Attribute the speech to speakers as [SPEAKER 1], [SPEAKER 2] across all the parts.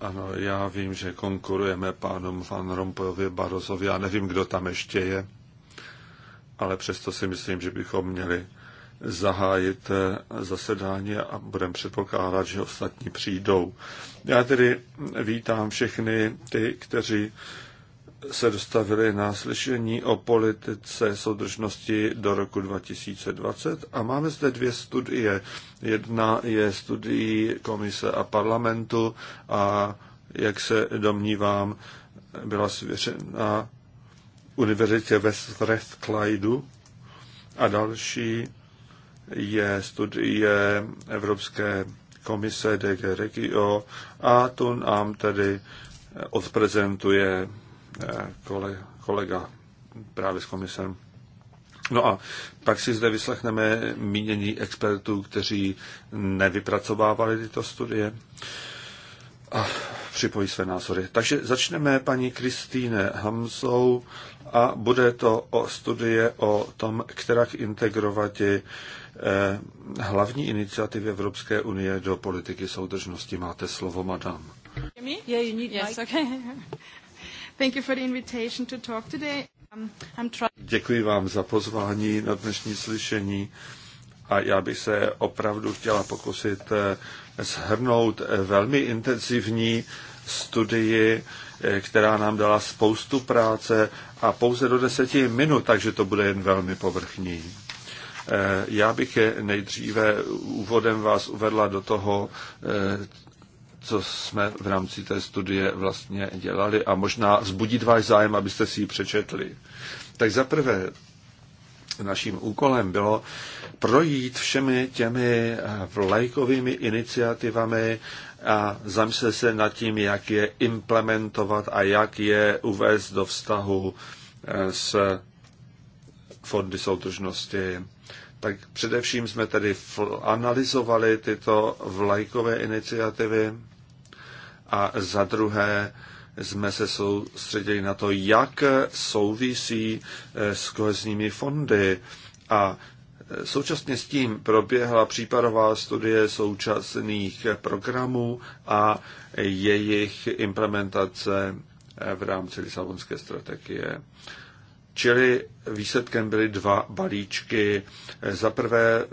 [SPEAKER 1] Ano,
[SPEAKER 2] já vím, že konkurujeme pánům Van Rompuyovi, Barrosovi, já nevím, kdo tam ještě je, ale přesto si myslím, že bychom měli zahájit eh, zasedání a budeme předpokládat, že ostatní přijdou. Já tedy vítám všechny ty, kteří se dostavili na slyšení o politice soudržnosti do roku 2020 a máme zde dvě studie. Jedna je studií komise a parlamentu a jak se domnívám, byla svěřena univerzitě ve Strathclydu a další je studie Evropské komise DG Regio a tu nám tedy odprezentuje kolega právě s komisem. No a pak si zde vyslechneme mínění expertů, kteří nevypracovávali tyto studie a připojí své názory. Takže začneme paní Kristýne Hamzou a bude to o studie o tom, která integrovat eh, hlavní iniciativy Evropské unie do politiky soudržnosti. Máte slovo, madam.
[SPEAKER 1] Yeah,
[SPEAKER 3] you need yes, okay.
[SPEAKER 2] Děkuji vám za pozvání na dnešní slyšení a já bych se opravdu chtěla pokusit eh, shrnout eh, velmi intenzivní studii, eh, která nám dala spoustu práce a pouze do deseti minut, takže to bude jen velmi povrchní. Já bych nejdříve úvodem vás uvedla do toho, co jsme v rámci té studie vlastně dělali a možná zbudit váš zájem, abyste si ji přečetli. Tak zaprvé naším úkolem bylo projít všemi těmi eh, vlajkovými iniciativami a zamyslet se nad tím, jak je implementovat a jak je uvést do vztahu eh, s fondy soudržnosti. Tak především jsme tedy analyzovali tyto vlajkové iniciativy a za druhé jsme se soustředili na to, jak souvisí eh, s kohezními fondy a eh, Současně s tím proběhla případová studie současných programů a jejich implementace eh, v rámci Lisabonské strategie. Čili výsledkem byly dva balíčky. Za prvé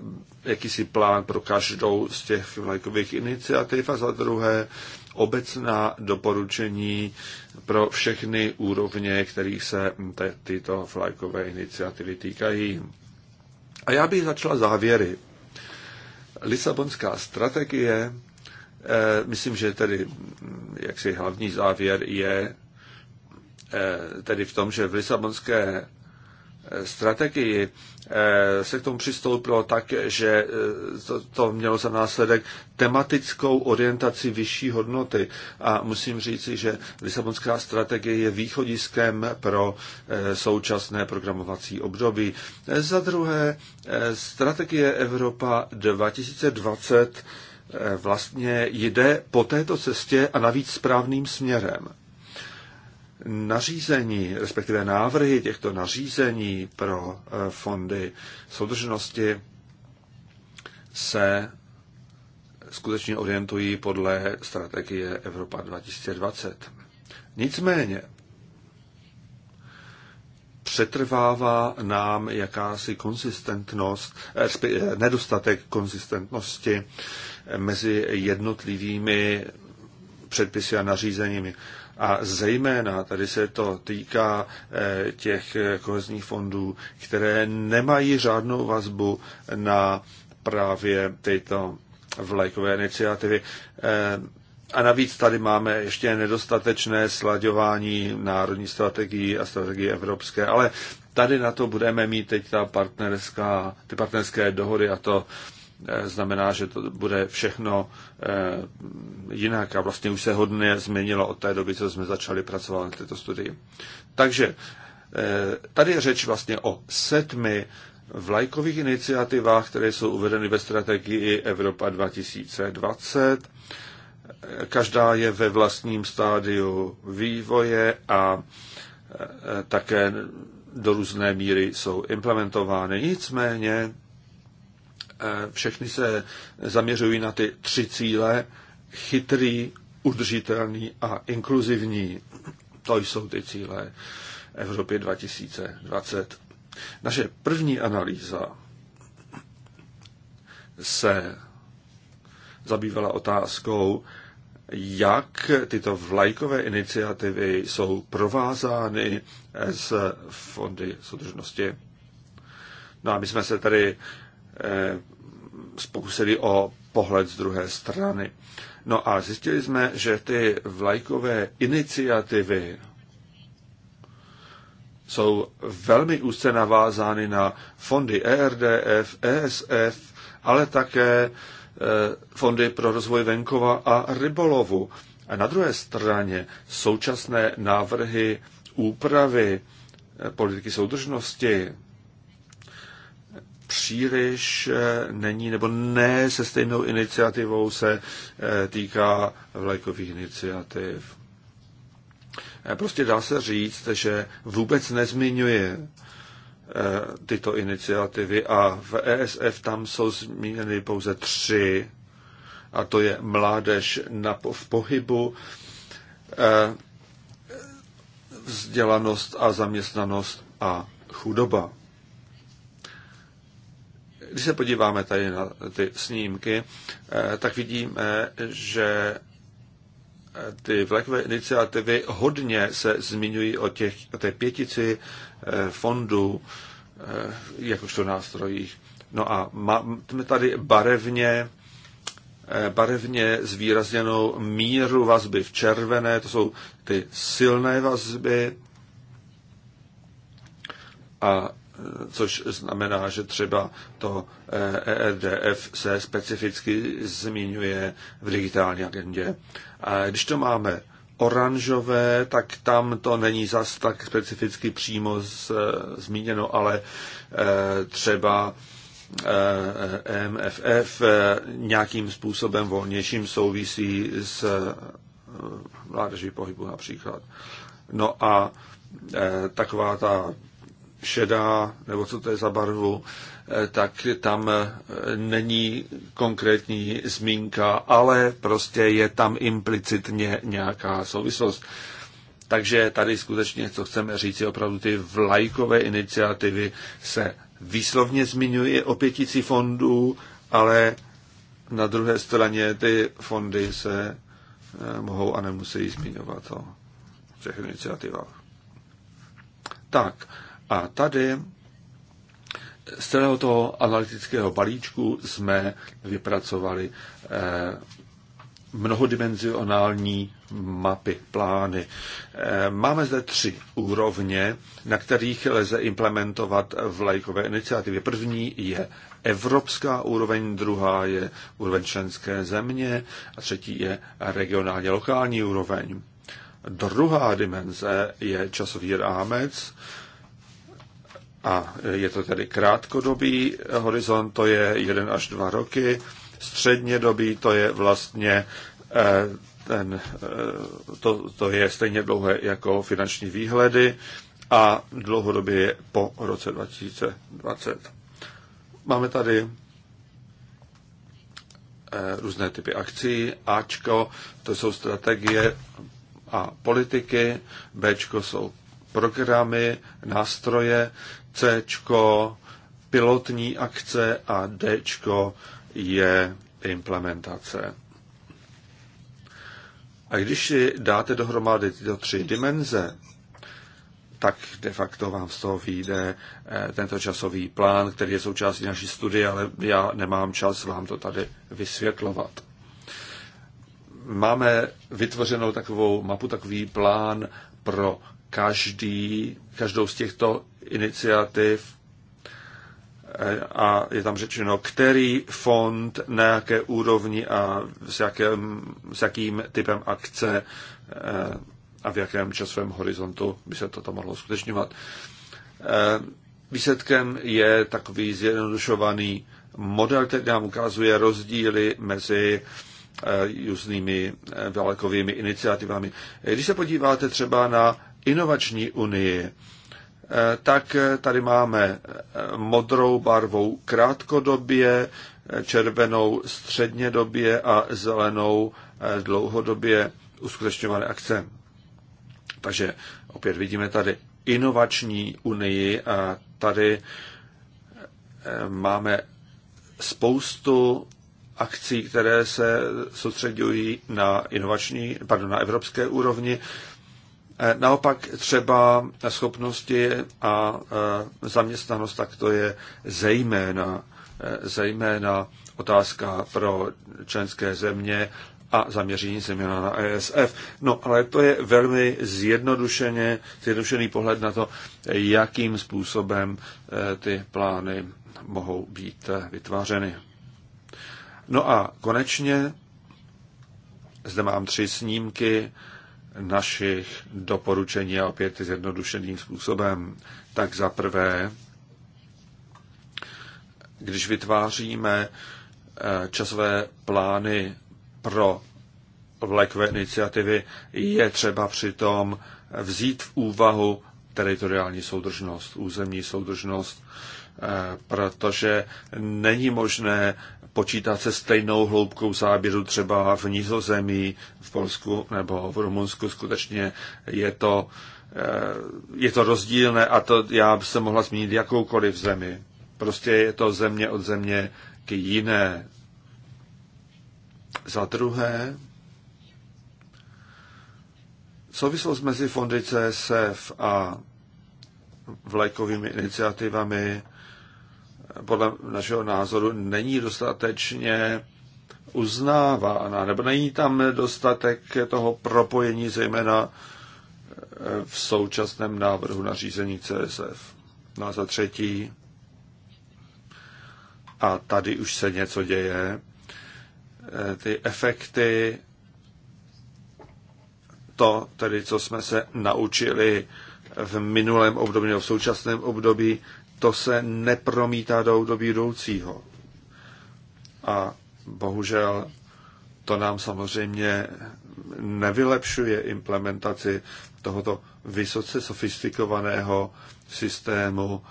[SPEAKER 2] jakýsi plán pro každou z těch vlajkových iniciativ a za druhé obecná doporučení pro všechny úrovně, kterých se tyto flajkové iniciativy týkají. A já bych začala závěry. Lisabonská strategie, eh, myslím, že tedy mm, jaksi hlavní závěr je eh, tedy v tom, že v Lisabonské strategii eh, se k tomu přistoupilo tak, že eh, to, to mělo za následek tematickou orientaci vyšší hodnoty. A musím říci, že Lisabonská strategie je východiskem pro eh, současné programovací období. Za druhé, strategie Evropa 2020 vlastně jde po této cestě a navíc správným směrem nařízení, respektive návrhy těchto nařízení pro eh, fondy soudržnosti se skutečně orientují podle strategie Evropa 2020. Nicméně přetrvává nám jakási konsistentnost, eh, eh, nedostatek konsistentnosti mezi jednotlivými předpisy a nařízeními. A zejména tady se to týká eh, těch eh, kohezních fondů, které nemají žádnou vazbu na právě tyto vlajkové iniciativy. Eh, a navíc tady máme ještě nedostatečné slaďování národní strategií a strategie evropské, ale tady na to budeme mít teď ta partnerská, ty partnerské dohody a to Eh, znamená, že to bude všechno eh, jinak a vlastně už se hodně změnilo od té doby, co jsme začali pracovat na této studii. Takže eh, tady je řeč vlastně o sedmi vlajkových iniciativách, které jsou uvedeny ve strategii Evropa 2020. Každá je ve vlastním stádiu vývoje a také do různé míry jsou implementovány. Nicméně Eh, všechny se zaměřují na ty tři cíle, chytrý, udržitelný a inkluzivní. To jsou ty cíle Evropy 2020. Naše první analýza se zabývala otázkou, jak tyto vlajkové iniciativy jsou provázány s fondy soudržnosti. No a my jsme se tady Eh, pokusili o pohled z druhé strany. No a zjistili jsme, že ty vlajkové iniciativy jsou velmi úzce navázány na fondy ERDF, ESF, ale také eh, fondy pro rozvoj venkova a rybolovu. A na druhé straně současné návrhy úpravy eh, politiky soudržnosti příliš eh, není, nebo ne se stejnou iniciativou se eh, týká vlajkových iniciativ. Eh, prostě dá se říct, že vůbec nezmiňuje tyto iniciativy a v ESF tam jsou zmíněny pouze tři, a to je mládež na, v pohybu, vzdělanost a zaměstnanost a chudoba. Když se podíváme tady na ty snímky, eh, tak vidíme, že eh, ty vlekové iniciativy hodně se zmiňují o, těch, o té pětici eh, fondů jakožto nástrojích. No a máme tady barevně barevně zvýrazněnou míru vazby v červené, to jsou ty silné vazby. A což znamená, že třeba to ERDF eh, e se specificky zmiňuje v digitální agendě. A když to máme oranžové, tak tam to není zas tak specificky přímo z, eh, zmíněno, ale eh, třeba e MFF nějakým způsobem volnějším souvisí s mládeží pohybu například. No a taková ta šedá, nebo co to je za barvu, eh, tak tam eh, není konkrétní zmínka, ale prostě je tam implicitně nějaká souvislost. Takže tady skutečně, co chceme říct, je opravdu ty vlajkové iniciativy se výslovně zmiňují o pětici fondů, ale na druhé straně ty fondy se eh, mohou a nemusí zmiňovat o těch iniciativách. Tak, a tady z celého toho analytického balíčku jsme vypracovali eh, mnohodimenzionální mapy, plány. Eh, máme zde tři úrovně, na kterých lze implementovat lajkové iniciativy. První je evropská úroveň, druhá je úroveň členské země a třetí je regionálně lokální úroveň. Druhá dimenze je časový rámec, a je to tedy krátkodobý horizont, to je jeden až dva roky, střednědobý to je vlastně eh, ten, eh, to, to je stejně dlouhé jako finanční výhledy a dlouhodobě je po roce 2020. Máme tady eh, různé typy akcí. Ačko, to jsou strategie a politiky, Bčko jsou programy, nástroje, C, pilotní akce a D je implementace. A když si dáte dohromady tyto tři dimenze, tak de facto vám z toho vyjde eh, tento časový plán, který je součástí naší studie, ale já nemám čas vám to tady vysvětlovat. Máme vytvořenou takovou mapu, takový plán pro každý, každou z těchto iniciativ a je tam řečeno, který fond, na jaké úrovni a s, jakém, s jakým typem akce eh, a v jakém časovém horizontu by se to tam mohlo skutečňovat. Eh, výsledkem je takový zjednodušovaný model, který nám ukazuje rozdíly mezi eh, různými velkovými iniciativami. Když se podíváte třeba na inovační unii, Eh, tak eh, tady máme eh, modrou barvou krátkodobě, červenou střednědobě a zelenou dlouhodobě uskutečňované akce. Takže opět vidíme tady inovační unii a tady máme spoustu akcí, které se soustředují na inovační, pardon, na evropské úrovni Eh, naopak třeba schopnosti a eh, zaměstnanost, tak to je zejména, eh, zejména otázka pro členské země a zaměření zejména na ESF. No, ale to je velmi zjednodušeně, zjednodušený pohled na to, jakým způsobem ty plány mohou být vytvářeny. No a konečně zde mám tři snímky našich doporučení a opět zjednodušeným způsobem. Tak za prvé, když vytváříme eh, časové plány pro vlekové iniciativy, je třeba přitom vzít v úvahu teritoriální soudržnost, územní soudržnost. Eh, protože není možné počítat se stejnou hloubkou záběru třeba v Nizozemí, v Polsku nebo v Rumunsku. Skutečně je to, eh, je to rozdílné a to já bych se mohla zmínit jakoukoliv zemi. Prostě je to země od země k jiné. Za druhé, souvislost mezi fondy CSF a vlajkovými iniciativami podle našeho názoru není dostatečně uznávána, nebo není tam dostatek toho propojení, zejména e, v současném návrhu na řízení CSF. No a za třetí, a tady už se něco děje, e, ty efekty, to tedy, co jsme se naučili v minulém období nebo v současném období, to se nepromítá do období budoucího. A bohužel to nám samozřejmě nevylepšuje implementaci tohoto vysoce sofistikovaného systému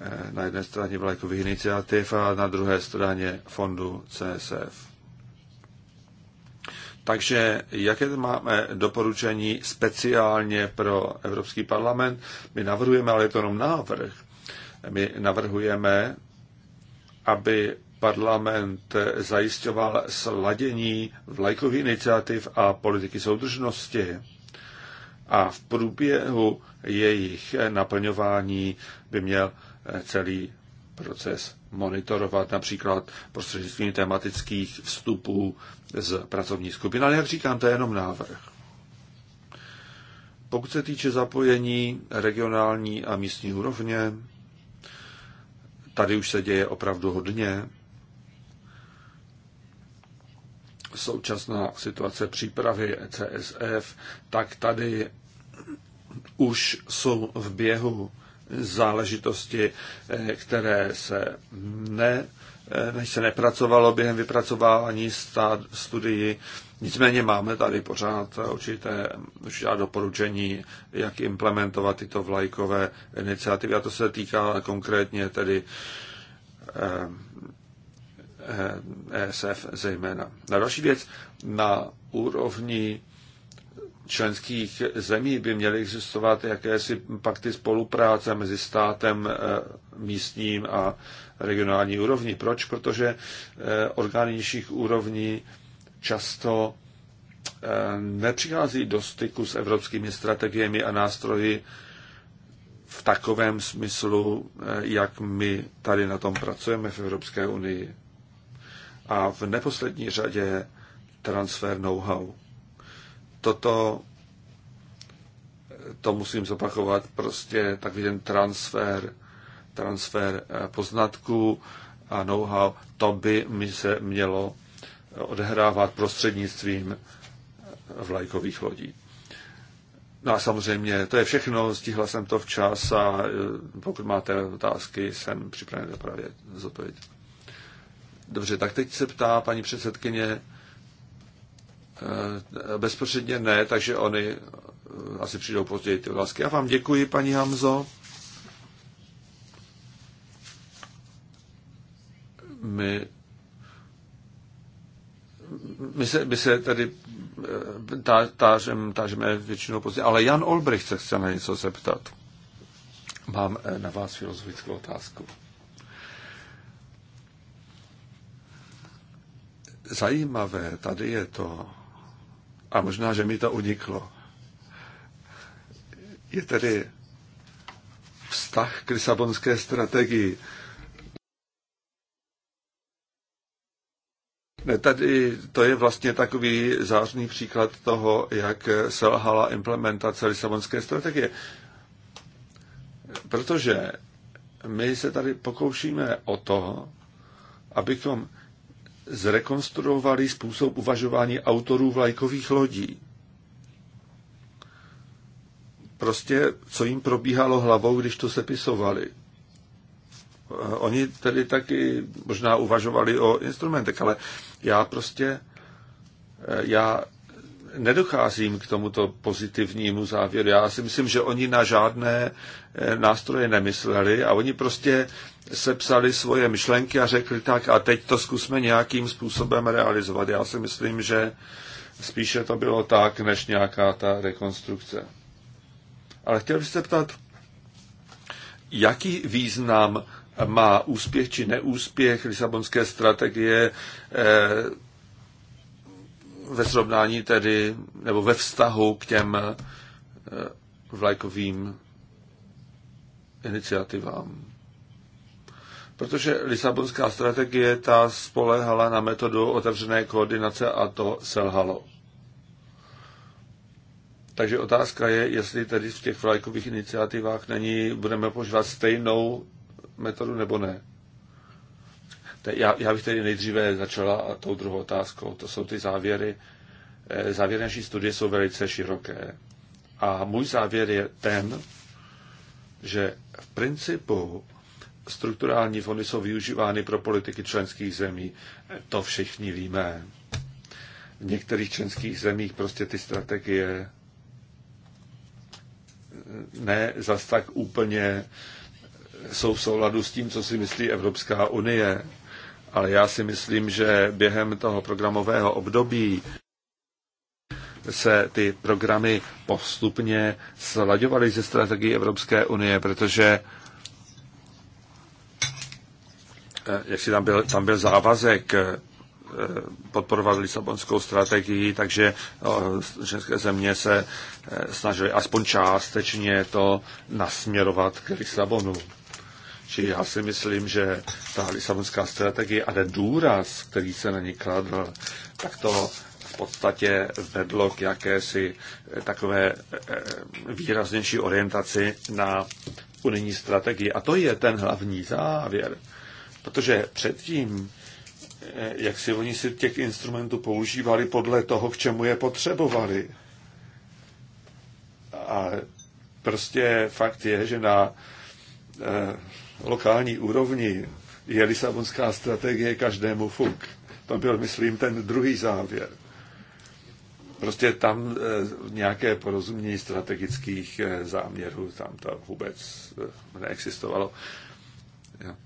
[SPEAKER 2] eh, na jedné straně vlajkových iniciativ a na druhé straně fondu CSF. Takže jaké máme doporučení speciálně pro Evropský parlament? My navrhujeme, ale je to jenom návrh, my navrhujeme, aby parlament zajišťoval sladění vlajkových iniciativ a politiky soudržnosti a v průběhu jejich naplňování by měl eh, celý proces monitorovat například prostřednictvím tematických vstupů z pracovní skupiny. Ale jak říkám, to je jenom návrh. Pokud se týče zapojení regionální a místní úrovně, Tady už se děje opravdu hodně. Současná situace přípravy CSF, tak tady už jsou v běhu záležitosti, eh, které se ne Eh, než se nepracovalo během vypracování studií. Nicméně máme tady pořád určité, určitá doporučení, jak implementovat tyto vlajkové iniciativy. A to se týká konkrétně tedy ESF eh, eh, e zejména. Na další věc, na úrovni členských zemí by měly existovat jakési pakty spolupráce mezi státem místním a regionální úrovni. Proč? Protože eh, orgány nižších úrovní často eh, nepřichází do styku s evropskými strategiemi a nástroji v takovém smyslu, eh, jak my tady na tom pracujeme v Evropské unii. A v neposlední řadě transfer know-how. Toto, to musím zopakovat, prostě takový ten transfer transfer eh, poznatků a know-how, to by mi se mělo eh, odehrávat prostřednictvím eh, vlajkových lodí. No a samozřejmě, to je všechno, stihla jsem to včas a pokud máte otázky, jsem připraven to právě zodpovědět. Dobře, tak teď se ptá paní předsedkyně, bezprostředně ne, takže oni asi přijdou později ty otázky. Já vám děkuji, paní Hamzo. my my se, my se tady eh, tá, tážem, tážeme většinou pozdě, ale Jan Olbrich se chce na něco zeptat. Mám eh, na vás filozofickou otázku. Zajímavé tady je to, a možná, že mi to uniklo, je tedy vztah k Lisabonské strategii. Tady to je vlastně takový zářný příklad toho, jak selhala implementace Lisabonské strategie. Protože my se tady pokoušíme o to, abychom zrekonstruovali způsob uvažování autorů vlajkových lodí. Prostě, co jim probíhalo hlavou, když to sepisovali. Eh, oni tedy taky možná uvažovali o instrumentech, ale já prostě, eh, já nedocházím k tomuto pozitivnímu závěru. Já si myslím, že oni na žádné eh, nástroje nemysleli a oni prostě sepsali svoje myšlenky a řekli tak a teď to zkusme nějakým způsobem realizovat. Já si myslím, že spíše to bylo tak, než nějaká ta rekonstrukce. Ale chtěl bych se ptat, jaký význam má úspěch či neúspěch Lisabonské strategie eh, ve srovnání tedy, nebo ve vztahu k těm eh, vlajkovým iniciativám. Protože Lisabonská strategie ta spolehala na metodu otevřené koordinace a to selhalo. Takže otázka je, jestli tedy v těch vlajkových iniciativách není, budeme požívat stejnou metodu nebo ne? Já, já bych tedy nejdříve začala tou druhou otázkou. To jsou ty závěry. Eh, závěry naší studie jsou velice široké. A můj závěr je ten, že v principu strukturální fondy jsou využívány pro politiky členských zemí. To všichni víme. V některých členských zemích prostě ty strategie ne zas tak úplně jsou v souladu s tím, co si myslí Evropská unie. Ale já si myslím, že během toho programového období se ty programy postupně slaďovaly ze strategií Evropské unie, protože eh, jak si tam byl, tam byl závazek eh, podporovat Lisabonskou strategii, takže eh, české země se snažily aspoň částečně to nasměrovat k Lisabonu. Čili já si myslím, že ta lisabonská strategie a ten důraz, který se na ní kladl, tak to v podstatě vedlo k jakési eh, takové eh, eh, výraznější orientaci na unijní strategii. A to je ten hlavní závěr. Protože předtím, jak si oni si těch instrumentů používali podle toho, k čemu je potřebovali. A prostě fakt je, že na lokální úrovni je Lisabonská strategie každému fuk. To byl, myslím, ten druhý závěr. Prostě tam eh, nějaké porozumění strategických eh, záměrů tam to vůbec eh, neexistovalo.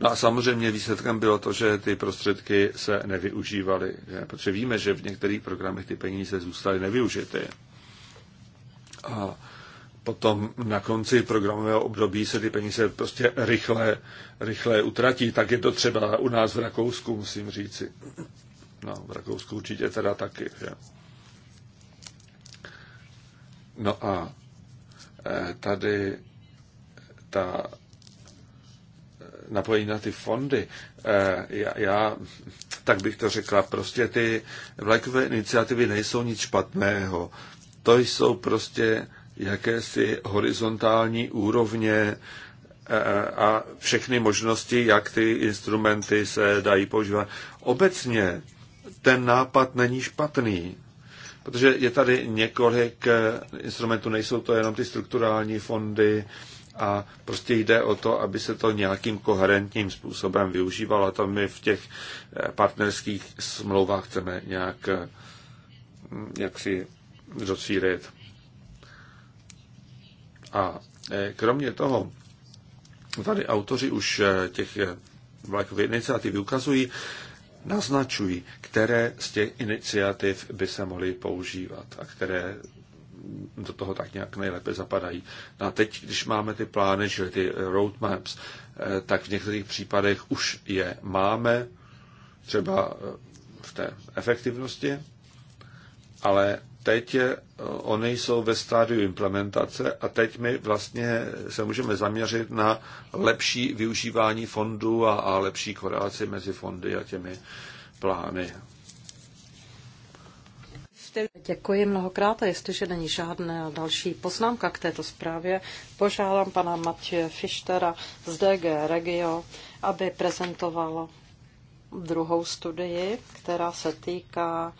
[SPEAKER 2] No a samozřejmě výsledkem bylo to, že ty prostředky se nevyužívaly, protože víme, že v některých programech ty peníze zůstaly nevyužity. A potom na konci programového období se ty peníze prostě rychle, rychle utratí. Tak je to třeba u nás v Rakousku, musím říci. No, v Rakousku určitě teda taky, že? No a eh, tady ta eh, napojení na ty fondy, eh, já, já tak bych to řekla, prostě ty vlajkové iniciativy nejsou nic špatného. To jsou prostě jakési horizontální úrovně e, a všechny možnosti, jak ty instrumenty se dají používat. Obecně ten nápad není špatný, protože je tady několik e, instrumentů, nejsou to jenom ty strukturální fondy a prostě jde o to, aby se to nějakým koherentním způsobem využívalo. To my v těch e, partnerských smlouvách chceme nějak jak si docílit. A e, kromě toho, tady autoři už e, těch e, vlajkových iniciativ ukazují, naznačují, které z těch iniciativ by se mohly používat a které do toho tak nějak nejlépe zapadají. No a teď, když máme ty plány, čili ty roadmaps, tak v některých případech už je máme, třeba v té efektivnosti, ale teď eh, ony jsou ve stádiu implementace a teď my vlastně se můžeme zaměřit na lepší využívání fondů a, a lepší korelaci mezi fondy a těmi plány.
[SPEAKER 3] Děkuji mnohokrát a jestliže není žádná další poznámka k této zprávě, požádám pana Matěje Fištera z DG Regio, aby prezentoval druhou studii, která se týká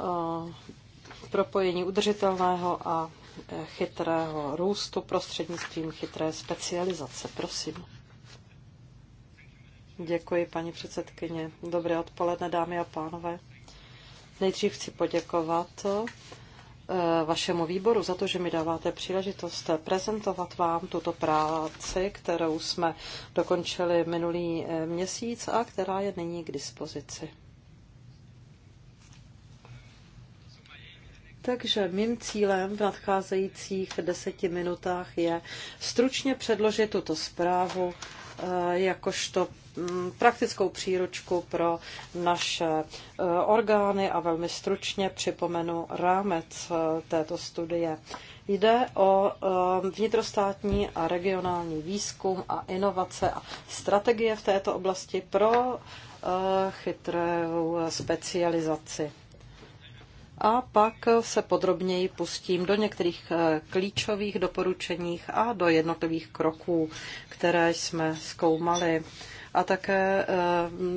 [SPEAKER 3] eh, propojení udržitelného a eh, chytrého růstu prostřednictvím chytré specializace. Prosím. Děkuji, paní předsedkyně. Dobré odpoledne, dámy a pánové. Nejdřív chci poděkovat eh, vašemu výboru za to, že mi dáváte příležitost prezentovat vám tuto práci, kterou jsme dokončili minulý eh, měsíc a která je nyní k dispozici. Takže mým cílem v nadcházejících deseti minutách je stručně předložit tuto zprávu eh, jakožto mm, praktickou příručku pro naše eh, orgány a velmi stručně připomenu rámec eh, této studie. Jde o vnitrostátní a regionální výzkum a inovace a strategie v této oblasti pro chytrou specializaci a pak se podrobněji pustím do některých eh, klíčových doporučeních a do jednotlivých kroků, které jsme zkoumali a také eh,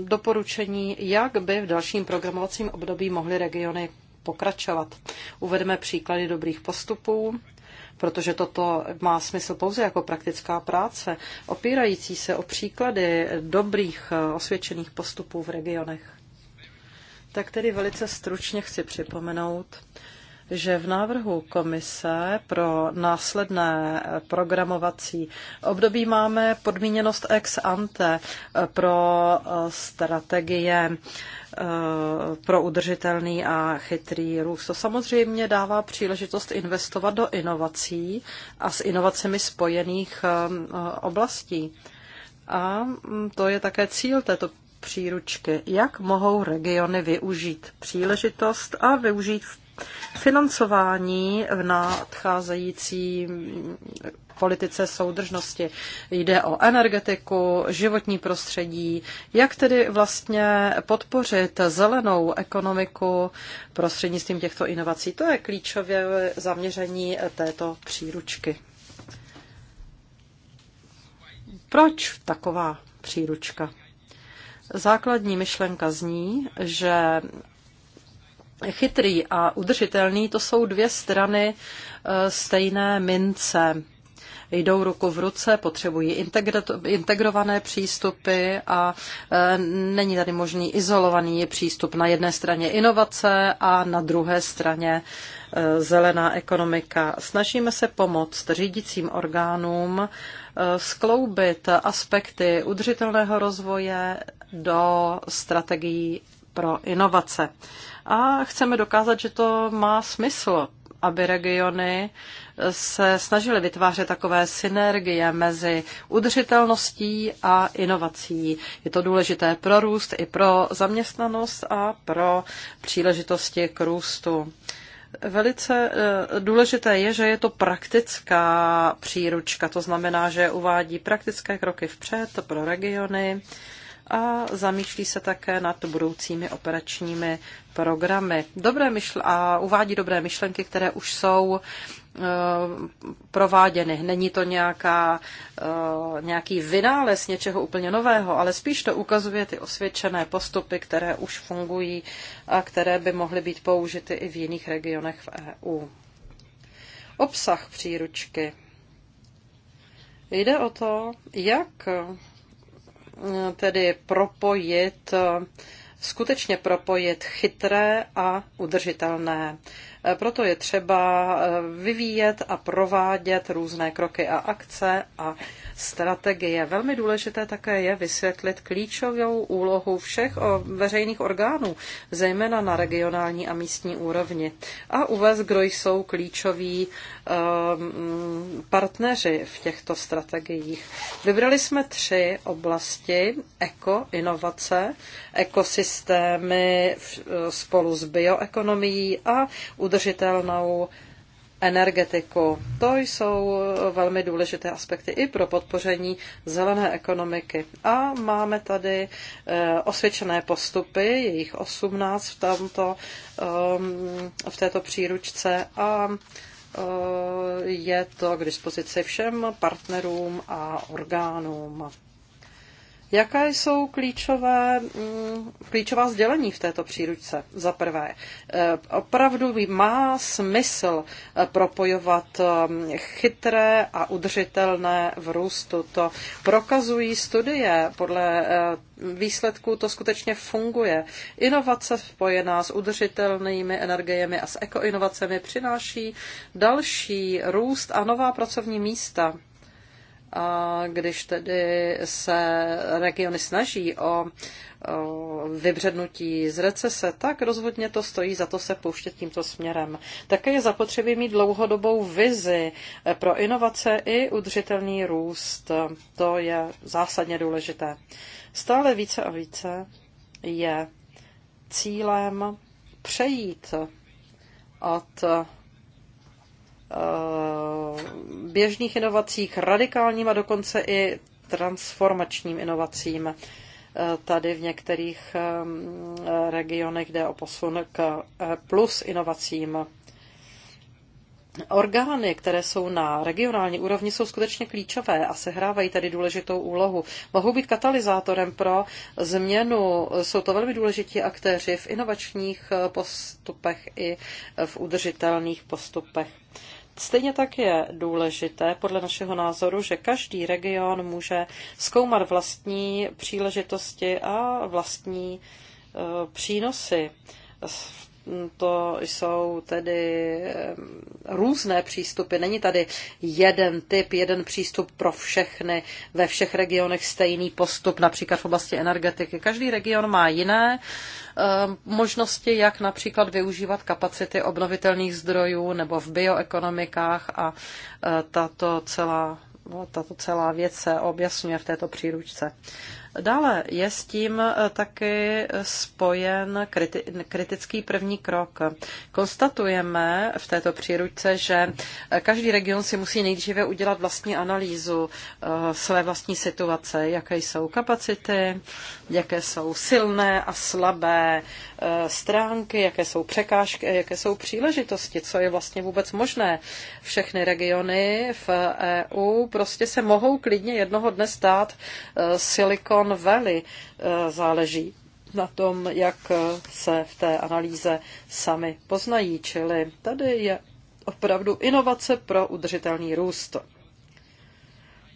[SPEAKER 3] doporučení, jak by v dalším programovacím období mohly regiony pokračovat. Uvedeme příklady dobrých postupů, protože toto má smysl pouze jako praktická práce, opírající se o příklady dobrých eh, osvědčených postupů v regionech tak tedy velice stručně chci připomenout, že v návrhu komise pro následné programovací období máme podmíněnost ex ante pro eh, strategie eh, pro udržitelný a chytrý růst. To samozřejmě dává příležitost investovat do inovací a s inovacemi spojených eh, oblastí. A mm, to je také cíl této příručky, jak mohou regiony využít příležitost a využít financování v nadcházející politice soudržnosti. Jde o energetiku, životní prostředí, jak tedy vlastně podpořit zelenou ekonomiku prostřednictvím těchto inovací. To je klíčové zaměření této příručky. Proč taková příručka? Základní myšlenka zní, že chytrý a udržitelný to jsou dvě strany e, stejné mince. Jdou ruku v ruce, potřebují integrované přístupy a e, není tady možný izolovaný přístup na jedné straně inovace a na druhé straně e, zelená ekonomika. Snažíme se pomoct řídícím orgánům skloubit aspekty udržitelného rozvoje do strategií pro inovace. A chceme dokázat, že to má smysl, aby regiony se snažily vytvářet takové synergie mezi udržitelností a inovací. Je to důležité pro růst i pro zaměstnanost a pro příležitosti k růstu. Velice eh, důležité je, že je to praktická příručka, to znamená, že uvádí praktické kroky vpřed pro regiony, a zamýšlí se také nad budoucími operačními programy. Dobré myšl- a uvádí dobré myšlenky, které už jsou eh, prováděny. Není to nějaká, eh, nějaký vynález něčeho úplně nového, ale spíš to ukazuje ty osvědčené postupy, které už fungují a které by mohly být použity i v jiných regionech v EU. Obsah příručky. Jde o to, jak tedy propojit, eh, skutečně propojit chytré a udržitelné. Proto je třeba eh, vyvíjet a provádět různé kroky a akce a strategie. Velmi důležité také je vysvětlit klíčovou úlohu všech veřejných orgánů, zejména na regionální a místní úrovni, a uvést, kdo jsou klíčoví ehm, partneři v těchto strategiích. Vybrali jsme tři oblasti eko, inovace, ekosystémy e, spolu s bioekonomií a udržitelnou energetiku. To jsou velmi důležité aspekty i pro podpoření zelené ekonomiky. A máme tady eh, osvědčené postupy, jejich 18 v, tomto, ehm, v této příručce a eh, je to k dispozici všem partnerům a orgánům. Jaká jsou klíčové, mm, klíčová sdělení v této příručce? Za prvé, eh, opravdu má smysl eh, propojovat eh, chytré a udržitelné v růstu. To prokazují studie. Podle výsledků to skutečně funguje. Inovace spojená s udržitelnými energiemi a s ekoinovacemi přináší další růst a nová pracovní místa. A když tedy se regiony snaží o, o vybřednutí z recese, tak rozhodně to stojí za to se pouštět tímto směrem. Také je zapotřebí mít dlouhodobou vizi pro inovace i udržitelný růst. To je zásadně důležité. Stále více a více je cílem přejít od eh, běžných inovacích, radikálním a dokonce i transformačním inovacím. Eh, tady v některých eh, regionech jde o posun k eh, plus inovacím. Orgány, které jsou na regionální úrovni, jsou skutečně klíčové a sehrávají tady důležitou úlohu. Mohou být katalyzátorem pro změnu. Jsou to velmi důležití aktéři v inovačních postupech i v udržitelných postupech. Stejně tak je důležité, podle našeho názoru, že každý region může zkoumat vlastní příležitosti a vlastní eh, přínosy v to jsou tedy různé přístupy. Není tady jeden typ, jeden přístup pro všechny, ve všech regionech stejný postup, například v oblasti energetiky. Každý region má jiné možnosti, jak například využívat kapacity obnovitelných zdrojů nebo v bioekonomikách a e, tato celá no, tato celá věc se objasňuje v této příručce. Dále je s tím eh, taky spojen kriti- kritický první krok. Konstatujeme v této příručce, že eh, každý region si musí nejdříve udělat vlastní analýzu eh, své vlastní situace, jaké jsou kapacity, jaké jsou silné a slabé stránky, jaké jsou překážky, jaké jsou příležitosti, co je vlastně vůbec možné. Všechny regiony v EU prostě se mohou klidně jednoho dne stát silikon Silicon Valley. Eh, záleží na tom, jak eh, se v té analýze sami poznají. Čili tady je opravdu inovace pro udržitelný růst.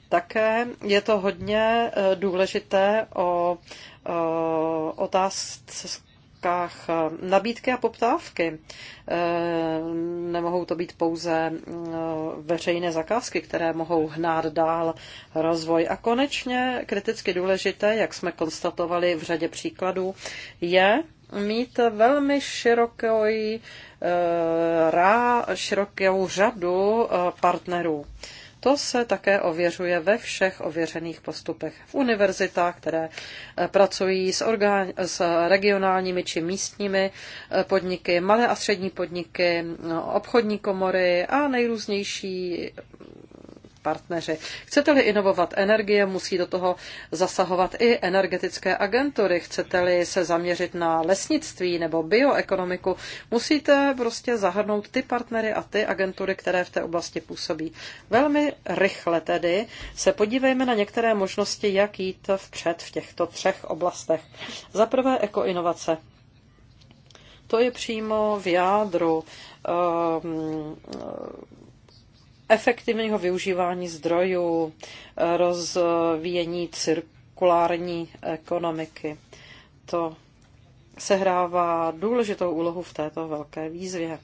[SPEAKER 3] Také je to hodně eh, důležité o, o otázce otázkách eh, nabídky a poptávky. Eh, nemohou to být pouze eh, veřejné zakázky, které mohou hnát dál rozvoj. A konečně kriticky důležité, jak jsme konstatovali v řadě příkladů, je mít velmi širokou, širokou řadu partnerů to se také ověřuje ve všech ověřených postupech v univerzitách, které eh, pracují s, orgán, s regionálními či místními eh, podniky, malé a střední podniky, obchodní komory a nejrůznější partneři. Chcete-li inovovat energie, musí do toho zasahovat i energetické agentury. Chcete-li se zaměřit na lesnictví nebo bioekonomiku, musíte prostě zahrnout ty partnery a ty agentury, které v té oblasti působí. Velmi rychle tedy se podívejme na některé možnosti, jak jít vpřed v těchto třech oblastech. Za prvé ekoinovace. To je přímo v jádru ehm, efektivního využívání zdrojů, rozvíjení cirkulární ekonomiky. To sehrává důležitou úlohu v této velké výzvě.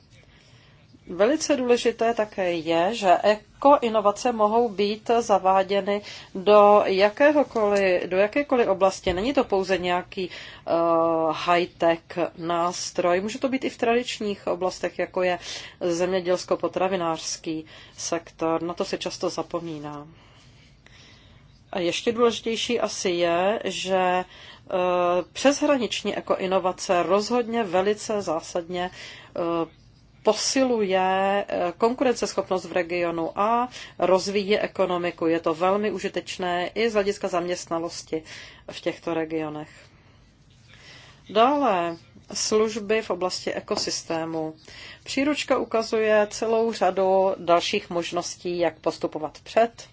[SPEAKER 3] Velice důležité také je, že ekoinovace mohou být zaváděny do, jakéhokoliv, do jakékoliv oblasti. Není to pouze nějaký uh, high-tech nástroj. Může to být i v tradičních oblastech, jako je zemědělsko-potravinářský sektor. Na to se často zapomíná. A ještě důležitější asi je, že eh, přeshraniční ekoinovace rozhodně velice zásadně eh, posiluje eh, konkurenceschopnost v regionu a rozvíjí ekonomiku. Je to velmi užitečné i z hlediska zaměstnalosti v těchto regionech. Dále služby v oblasti ekosystému. Příručka ukazuje celou řadu dalších možností, jak postupovat před.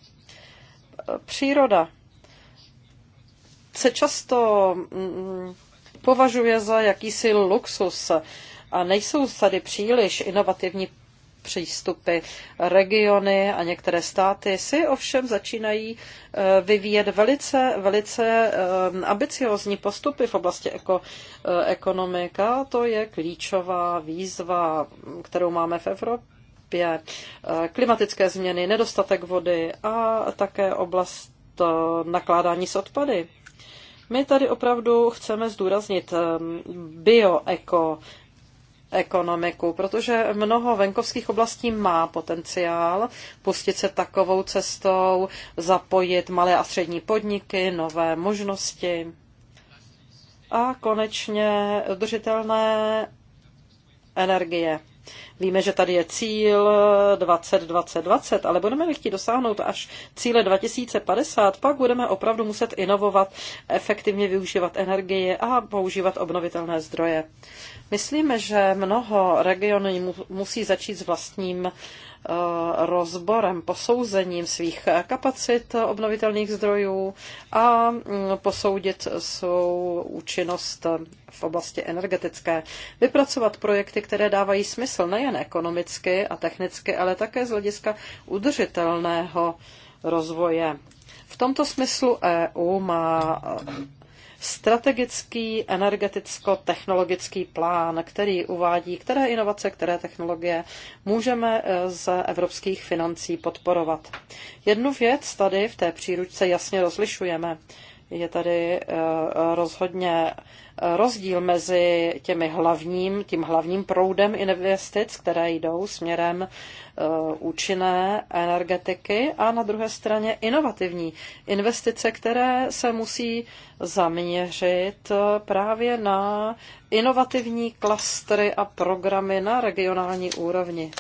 [SPEAKER 3] Příroda se často mm, mm, považuje za jakýsi luxus, a nejsou tady příliš inovativní přístupy. Regiony a některé státy si ovšem začínají eh, vyvíjet velice, velice eh, ambiciozní postupy v oblasti eko, eh, ekonomika. To je klíčová výzva, kterou máme v Evropě. Klimatické změny, nedostatek vody a také oblast nakládání s odpady. My tady opravdu chceme zdůraznit bioeko, ekonomiku, protože mnoho venkovských oblastí má potenciál pustit se takovou cestou, zapojit malé a střední podniky, nové možnosti a konečně udržitelné energie. Víme, že tady je cíl 20-20-20, ale budeme-li chtít dosáhnout až cíle 2050, pak budeme opravdu muset inovovat, efektivně využívat energie a používat obnovitelné zdroje. Myslíme, že mnoho regionů musí začít s vlastním uh, rozborem, posouzením svých kapacit obnovitelných zdrojů a mm, posoudit svou účinnost v oblasti energetické. Vypracovat projekty, které dávají smysl nejen ekonomicky a technicky, ale také z hlediska udržitelného rozvoje. V tomto smyslu EU má strategický energeticko-technologický plán, který uvádí, které inovace, které technologie můžeme eh, z evropských financí podporovat. Jednu věc tady v té příručce jasně rozlišujeme. Je tady eh, rozhodně rozdíl mezi těmi hlavním, tím hlavním proudem investic, které jdou směrem eh, účinné energetiky a na druhé straně inovativní investice, které se musí zaměřit eh, právě na inovativní klastry a programy na regionální úrovni.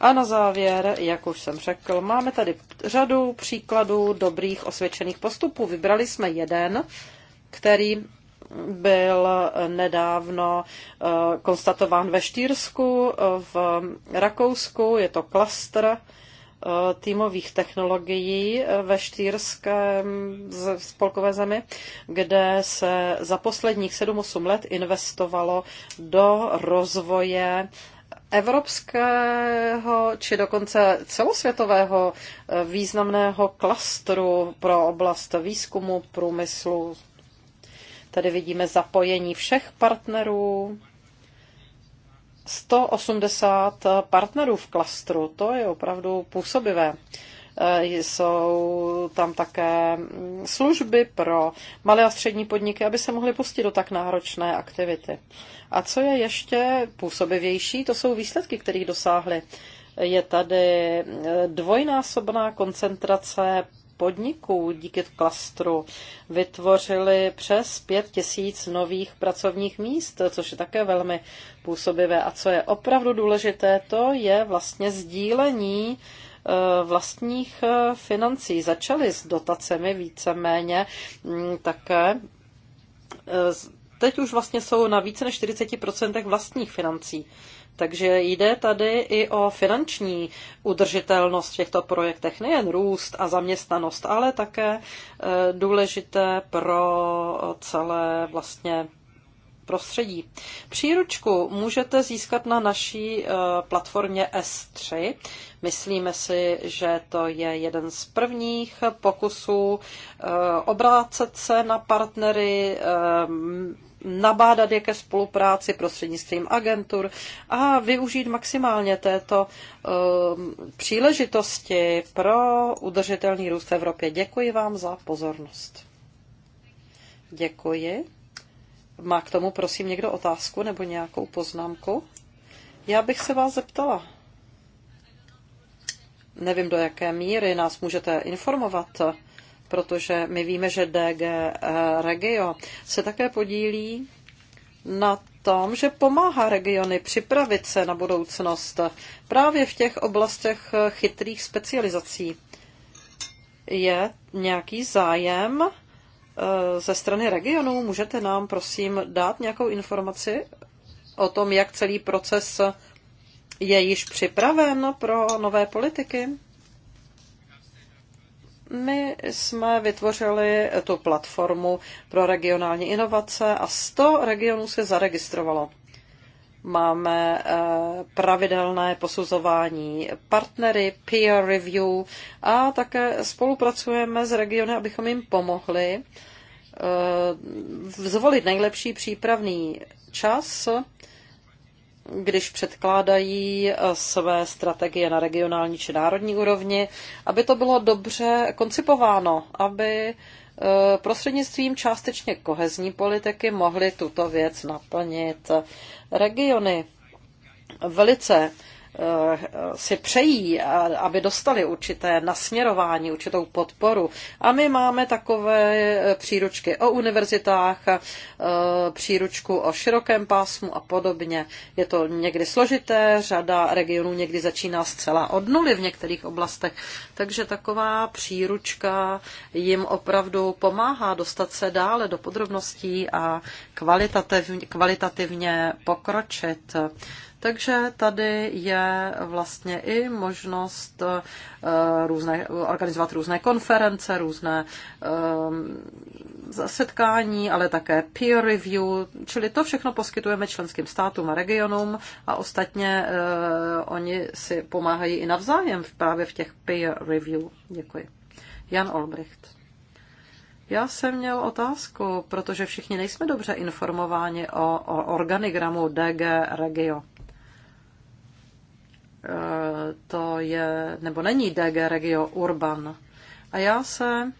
[SPEAKER 3] A na závěr, jak už jsem řekl, máme tady řadu příkladů dobrých osvědčených postupů. Vybrali jsme jeden, který byl nedávno eh, konstatován ve Štýrsku, v Rakousku, je to klastr eh, týmových technologií eh, ve štýrské spolkové zemi, kde se za posledních 7-8 let investovalo do rozvoje evropského či dokonce celosvětového významného klastru pro oblast výzkumu, průmyslu, Tady vidíme zapojení všech partnerů. 180 partnerů v klastru, to je opravdu působivé. Eh, jsou tam také mm, služby pro malé a střední podniky, aby se mohly pustit do tak náročné aktivity. A co je ještě působivější, to jsou výsledky, kterých dosáhly je tady eh, dvojnásobná koncentrace podniků díky klastru vytvořili přes 5 tisíc nových pracovních míst, což je také velmi působivé. A co je opravdu důležité, to je vlastně sdílení eh, vlastních eh, financí. Začali s dotacemi víceméně mm, také eh, teď už vlastně jsou na více než 40% vlastních financí. Takže jde tady i o finanční udržitelnost v těchto projektech, nejen růst a zaměstnanost, ale také eh, důležité pro celé vlastně prostředí. Příručku můžete získat na naší eh, platformě S3. Myslíme si, že to je jeden z prvních pokusů eh, obrácet se na partnery nabádat je ke spolupráci prostřednictvím agentur a využít maximálně této um, příležitosti pro udržitelný růst v Evropě. Děkuji vám za pozornost. Děkuji. Má k tomu, prosím, někdo otázku nebo nějakou poznámku? Já bych se vás zeptala. Nevím, do jaké míry nás můžete informovat protože my víme, že DG eh, Regio se také podílí na tom, že pomáhá regiony připravit se na budoucnost právě v těch oblastech eh, chytrých specializací. Je nějaký zájem eh, ze strany regionů? Můžete nám, prosím, dát nějakou informaci o tom, jak celý proces je již připraven pro nové politiky? My jsme vytvořili tu platformu pro regionální inovace a 100 regionů se zaregistrovalo. Máme eh, pravidelné posuzování partnery, peer review a také spolupracujeme s regiony, abychom jim pomohli eh, zvolit nejlepší přípravný čas když předkládají eh, své strategie na regionální či národní úrovni, aby to bylo dobře koncipováno, aby eh, prostřednictvím částečně kohezní politiky mohly tuto věc naplnit. Regiony velice Eh, si přejí, aby dostali určité nasměrování, určitou podporu. A my máme takové eh, příručky o univerzitách, eh, příručku o širokém pásmu a podobně. Je to někdy složité, řada regionů někdy začíná zcela od nuly v některých oblastech, takže taková příručka jim opravdu pomáhá dostat se dále do podrobností a kvalitativně, kvalitativně pokročit. Takže tady je vlastně i možnost eh, různé, organizovat různé konference, různé eh, setkání, ale také peer review, čili to všechno poskytujeme členským státům a regionům a ostatně eh, oni si pomáhají i navzájem právě v těch peer review. Děkuji. Jan Olbricht. Já jsem měl otázku, protože všichni nejsme dobře informováni o, o organigramu DG Regio. Eh, to je, nebo není DG Regio Urban. A já se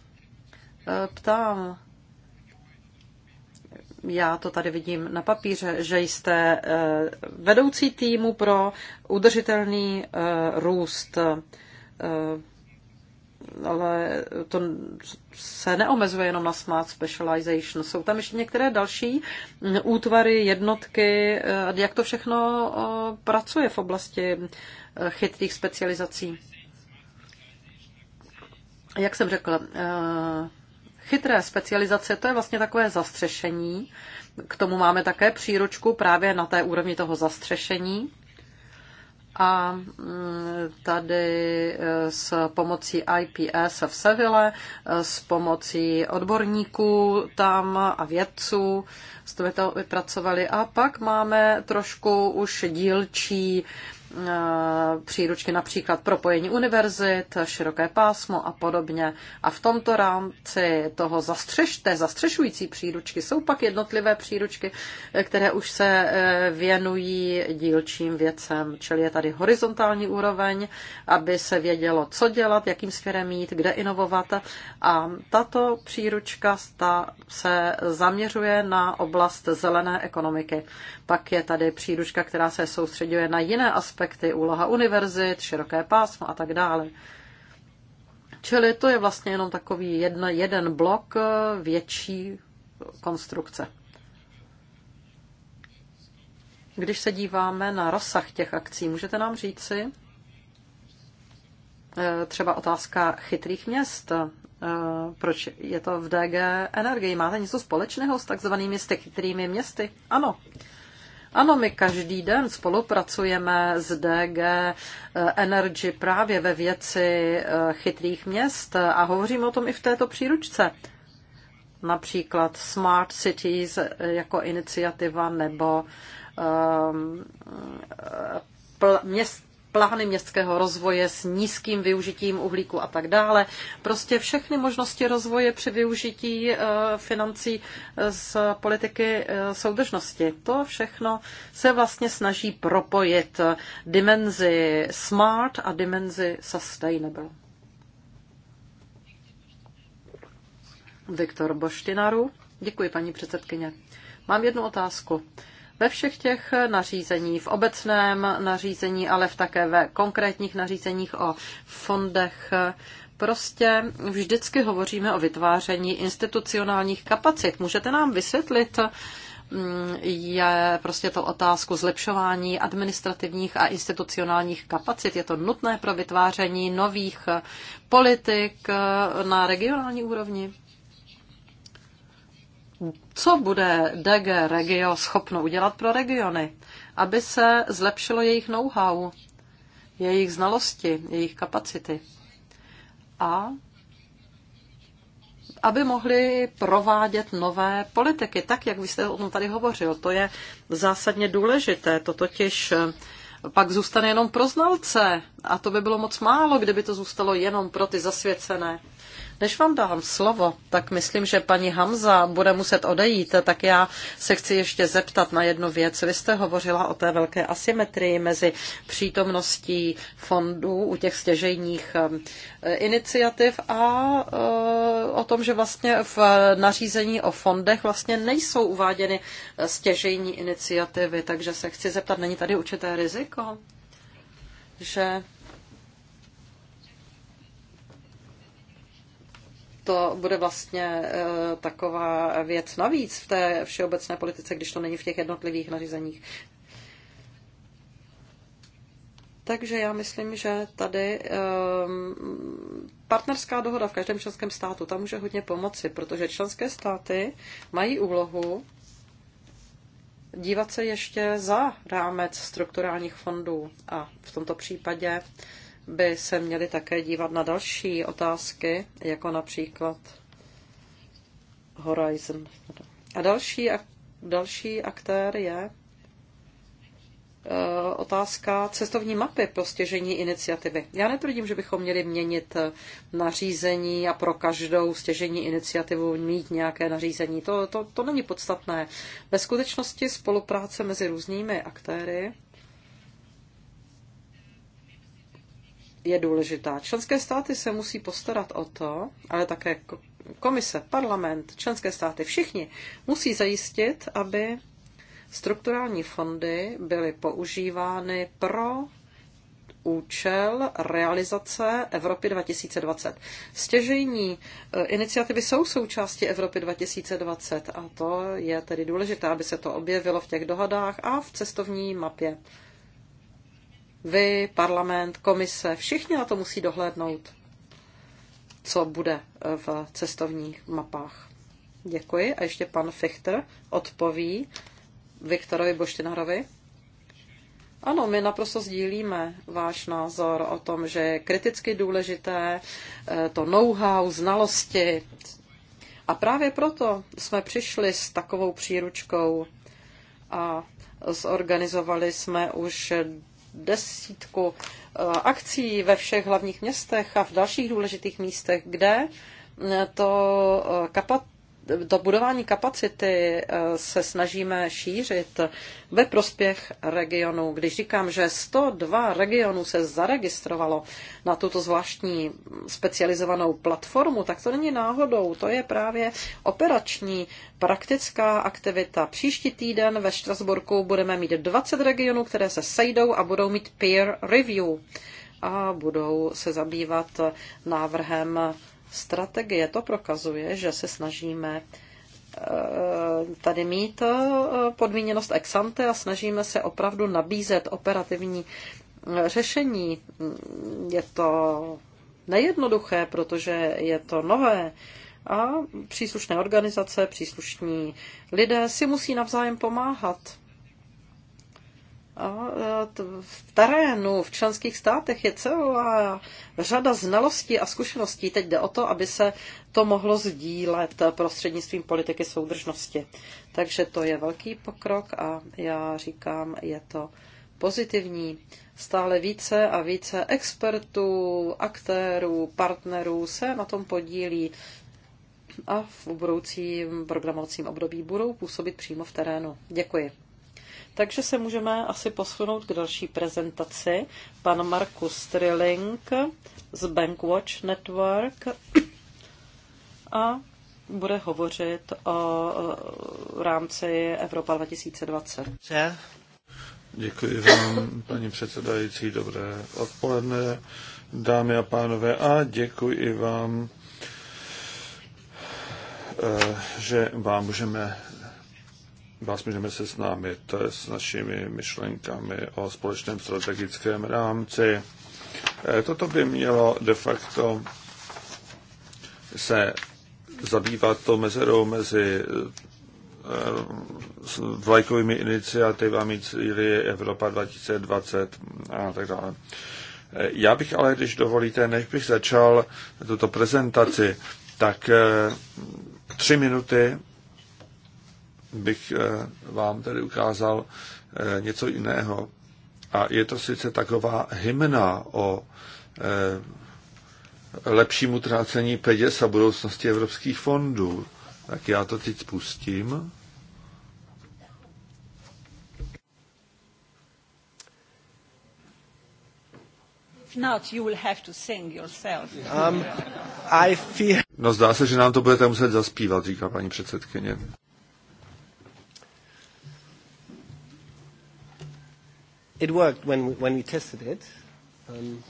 [SPEAKER 3] eh, ptám, já to tady vidím na papíře, že jste eh, vedoucí týmu pro udržitelný růst ale to se neomezuje jenom na smart specialization. Jsou tam ještě některé další útvary, jednotky, eh, jak to všechno eh, pracuje v oblasti eh, chytrých specializací. Jak jsem řekla, chytré specializace, to je vlastně takové zastřešení. K tomu máme také příručku právě na té úrovni toho zastřešení a mm, tady e, s pomocí IPS v Seville, e, s pomocí odborníků tam a vědců jsme to vypracovali a pak máme trošku už dílčí Eh, příručky například propojení univerzit, široké pásmo a podobně. A v tomto rámci toho té zastřešující příručky jsou pak jednotlivé příručky, eh, které už se eh, věnují dílčím věcem. Čili je tady horizontální úroveň, aby se vědělo, co dělat, jakým směrem jít, kde inovovat. A tato příručka ta se zaměřuje na oblast zelené ekonomiky. Pak je tady příručka, která se soustředuje na jiné aspekty aspekty, úloha univerzit, široké pásmo a tak dále. Čili to je vlastně jenom takový jedna, jeden blok eh, větší konstrukce. Když se díváme na rozsah těch akcí, můžete nám říci eh, třeba otázka chytrých měst. Eh, proč je to v DG Energii? Máte něco společného s takzvanými chytrými městy? Ano. Ano, my každý den spolupracujeme s DG eh, Energy právě ve věci eh, chytrých měst a hovořím o tom i v této příručce. Například Smart Cities eh, jako iniciativa nebo um, měst, plány městského rozvoje s nízkým využitím uhlíku a tak dále. Prostě všechny možnosti rozvoje při využití e, financí e, z politiky e, soudržnosti. To všechno se vlastně snaží propojit dimenzi smart a dimenzi sustainable. Viktor Boštinaru. Děkuji, paní předsedkyně. Mám jednu otázku ve všech těch nařízení, v obecném nařízení, ale v také ve konkrétních nařízeních o fondech, prostě vždycky hovoříme o vytváření institucionálních kapacit. Můžete nám vysvětlit, mm, je prostě to otázku zlepšování administrativních a institucionálních kapacit. Je to nutné pro vytváření nových politik na regionální úrovni? co bude DG Regio schopno udělat pro regiony, aby se zlepšilo jejich know-how, jejich znalosti, jejich kapacity a aby mohli provádět nové politiky, tak jak vy jste o tom tady hovořil. To je zásadně důležité. To totiž eh, pak zůstane jenom pro znalce a to by bylo moc málo, kdyby to zůstalo jenom pro ty zasvěcené. Než vám dám slovo, tak myslím, že paní Hamza bude muset odejít, tak já se chci ještě zeptat na jednu věc. Vy jste hovořila o té velké asymetrii mezi přítomností fondů u těch stěžejních eh, iniciativ a eh, o tom, že vlastně v nařízení o fondech vlastně nejsou uváděny eh, stěžejní iniciativy, takže se chci zeptat, není tady určité riziko, že to bude vlastně eh, taková věc navíc v té všeobecné politice, když to není v těch jednotlivých nařízeních. Takže já myslím, že tady eh, partnerská dohoda v každém členském státu, tam může hodně pomoci, protože členské státy mají úlohu dívat se ještě za rámec strukturálních fondů a v tomto případě by se měli také dívat na další otázky, jako například Horizon. A další, další aktér je eh, otázka cestovní mapy pro stěžení iniciativy. Já netvrdím, že bychom měli měnit eh, nařízení a pro každou stěžení iniciativu mít nějaké nařízení. To, to, to není podstatné. Ve skutečnosti spolupráce mezi různými aktéry je důležitá. Členské státy se musí postarat o to, ale také komise, parlament, členské státy, všichni musí zajistit, aby strukturální fondy byly používány pro účel realizace Evropy 2020. Stěžejní e, iniciativy jsou součástí Evropy 2020 a to je tedy důležité, aby se to objevilo v těch dohadách a v cestovní mapě vy, parlament, komise, všichni na to musí dohlédnout, co bude v cestovních mapách. Děkuji. A ještě pan Fichter odpoví Viktorovi Boštinarovi. Ano, my naprosto sdílíme váš názor o tom, že je kriticky důležité eh, to know-how, znalosti. A právě proto jsme přišli s takovou příručkou a zorganizovali jsme už desítku eh, akcí ve všech hlavních městech a v dalších důležitých místech, kde eh, to eh, kapat, to budování kapacity eh, se snažíme šířit ve prospěch regionu. Když říkám, že 102 regionů se zaregistrovalo na tuto zvláštní specializovanou platformu, tak to není náhodou, to je právě operační praktická aktivita. Příští týden ve Štrasburku budeme mít 20 regionů, které se sejdou a budou mít peer review a budou se zabývat návrhem strategie. To prokazuje, že se snažíme eh, tady mít eh, podmíněnost ex ante a snažíme se opravdu nabízet operativní eh, řešení. Je to nejednoduché, protože je to nové a příslušné organizace, příslušní lidé si musí navzájem pomáhat. A e, v terénu, v členských státech je celá řada znalostí a zkušeností. Teď jde o to, aby se to mohlo sdílet prostřednictvím politiky soudržnosti. Takže to je velký pokrok a já říkám, je to pozitivní. Stále více a více expertů, aktérů, partnerů se na tom podílí a v budoucím programovacím období budou působit přímo v terénu. Děkuji. Takže se můžeme asi posunout k další prezentaci. Pan Markus Strilling z Bankwatch Network a bude hovořit o rámci Evropa 2020.
[SPEAKER 2] Děkuji vám, paní předsedající. Dobré odpoledne, dámy a pánové, a děkuji vám, eh, že vám můžeme vás můžeme seznámit s našimi myšlenkami o společném strategickém rámci. Eh, toto by mělo de facto se zabývat to mezerou mezi eh, vlajkovými iniciativami cíly Evropa 2020 a tak dále. Eh, já bych ale, když dovolíte, než bych začal tuto prezentaci, tak tři minuty bych eh, vám tedy ukázal eh, něco jiného. A je to sice taková hymna o eh, lepším utrácení peněz a budoucnosti evropských fondů. Tak já to teď spustím.
[SPEAKER 1] Not, you will have to sing yourself. Um,
[SPEAKER 4] I
[SPEAKER 2] No zdá se, že nám to budete muset zaspívat, říká paní předsedkyně.
[SPEAKER 4] it worked when we, when we tested it. Um,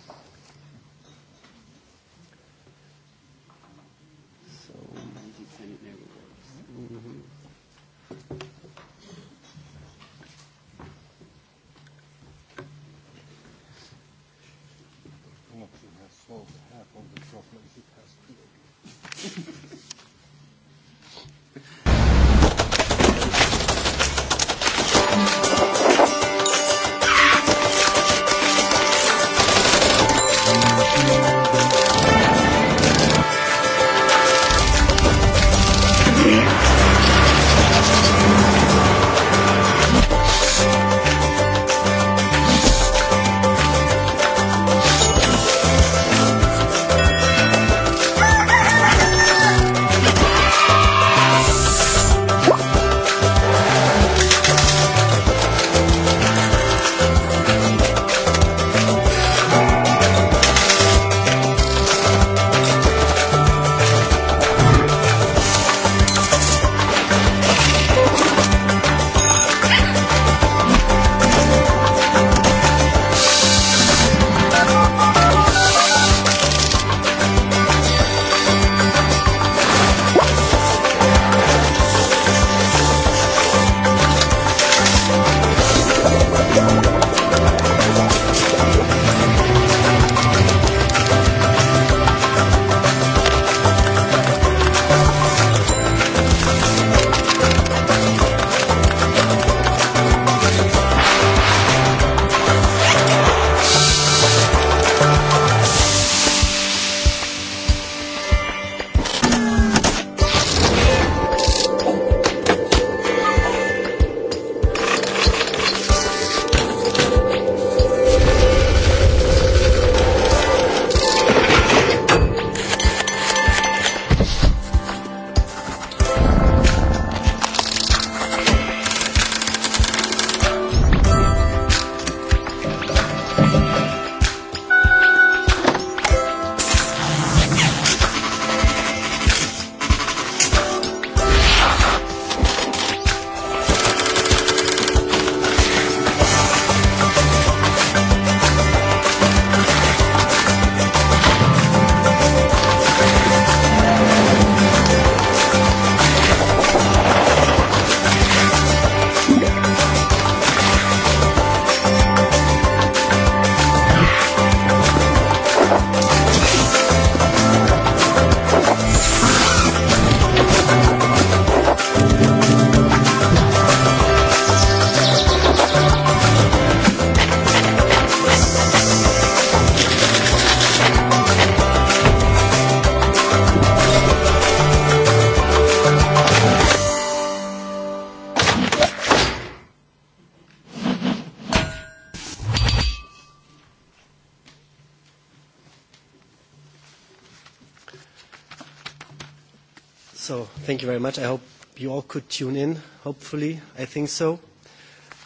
[SPEAKER 4] Thank you very much. I hope you all could tune in, hopefully. I think so.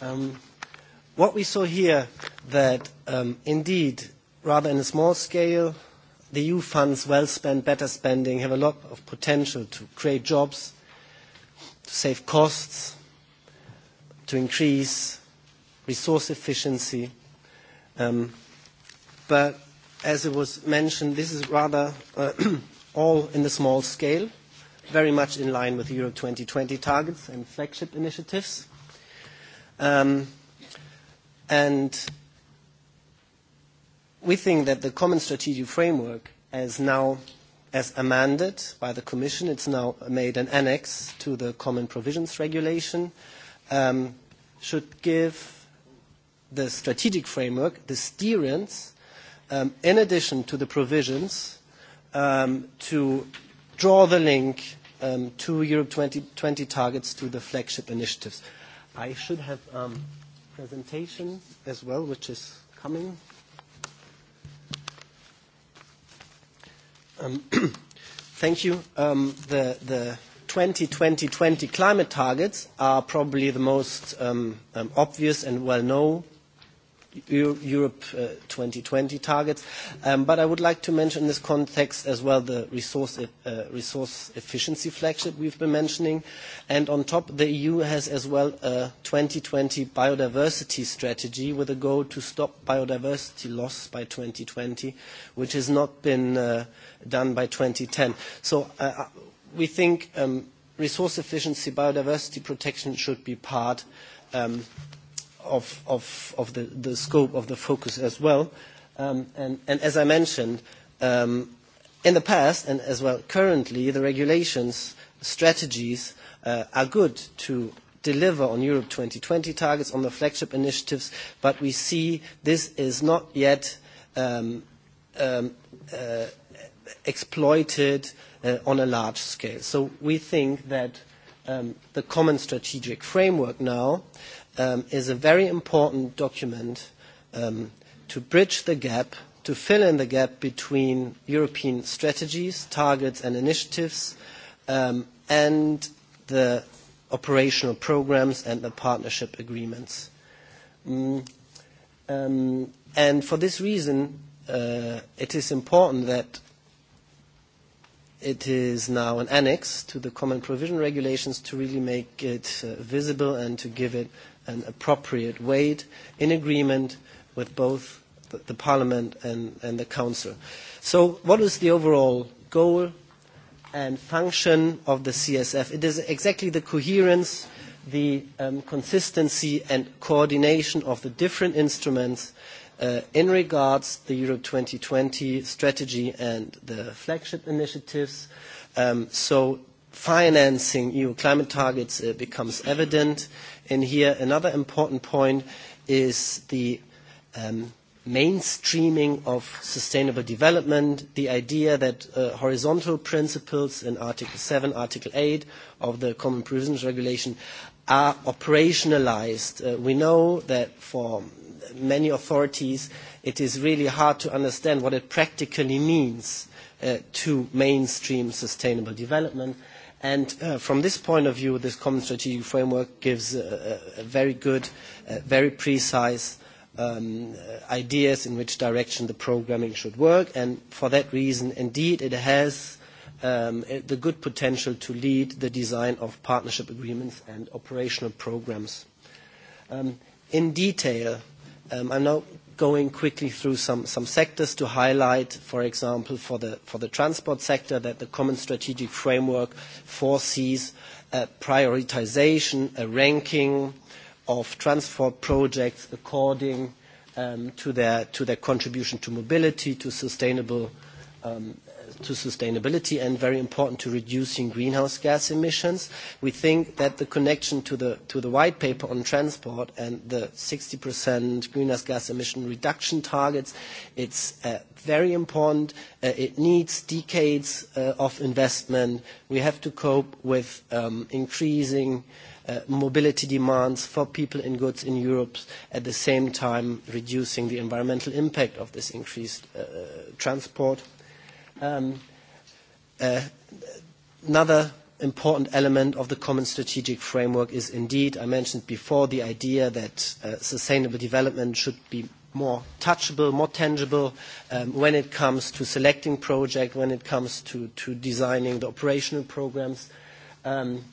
[SPEAKER 4] Um, what we saw here that um, indeed, rather in a small scale, the EU funds, well spent, better spending, have a lot of potential to create jobs, to save costs, to increase resource efficiency. Um, but as it was mentioned, this is rather uh, all in the small scale very much in line with Europe 2020 targets and flagship initiatives. Um, and we think that the common strategic framework as now as amended by the Commission, it's now made an annex to the Common Provisions Regulation, um, should give the strategic framework the steerance um, in addition to the provisions to draw the link Um, to two Europe 2020 targets to the flagship initiatives. I should have um, presentation as well, which is coming. Um, thank you. the, the 2020 climate targets are probably the most obvious and well-known Europe uh, 2020 targets. Um, but I would like to mention in this context as well the resource, e, uh, resource efficiency flagship we've been mentioning. And on top, the EU has as well a 2020 biodiversity strategy with a goal to stop biodiversity loss by 2020, which has not been uh, done by 2010. So uh, uh, we think um, resource efficiency, biodiversity protection should be part um, of, of, of the, the scope of the focus as well. Um, and, and as I mentioned, um, in the past and as well currently, the regulations strategies uh, are good to deliver on Europe 2020 targets, on the flagship initiatives, but we see this is not yet um, um, uh, exploited uh, on a large scale. So we think that um, the common strategic framework now um, is a very important document um, to bridge the gap, to fill in the gap between European strategies, targets and initiatives um, and the operational programs and the partnership agreements. Mm, um, and for this reason, uh, it is important that it is now an annex to the common provision regulations to really make it uh, visible and to give it and appropriate weight in agreement with both the, the Parliament and, and the Council. So what is the overall goal and function of the CSF? It is exactly the coherence, the um, consistency and coordination of the different instruments uh, in regards to the Europe 2020 strategy and the flagship initiatives. Um, so financing EU climate targets uh, becomes evident in here. Another important point is the um, mainstreaming of sustainable development, the idea that uh, horizontal principles in Article 7, Article 8 of the Common Provisions Regulation are operationalized. Uh, we know that for many authorities it is really hard to understand what it practically means uh, to mainstream sustainable development Uh, from this point of view, this common strategic framework gives uh, a very good, uh, very precise um, ideas in which direction the programming should work. And for that reason, indeed, it has um, the good potential to lead the design of partnership agreements and operational programs. Um, in detail, I'm now going quickly through some, sectors to highlight, for example, for the, transport sector, that the common strategic framework foresees a prioritization, a ranking of transport projects according um, to, their, contribution to mobility, to sustainable um, to sustainability and very important to reducing greenhouse gas emissions. We think that the connection to the, to the white paper on transport and the 60% greenhouse gas emission reduction targets, it's uh, very important. Uh, it needs decades uh, of investment. We have to cope with um, increasing Uh, mobility demands for people and goods in Europe, at the same time reducing the environmental impact of this increased uh, transport um, uh, another important element of the common strategic framework is indeed, I mentioned before, the idea that uh, sustainable development should be more touchable, more tangible um, when it comes to selecting projects, when it comes to, to designing the operational programs. Um,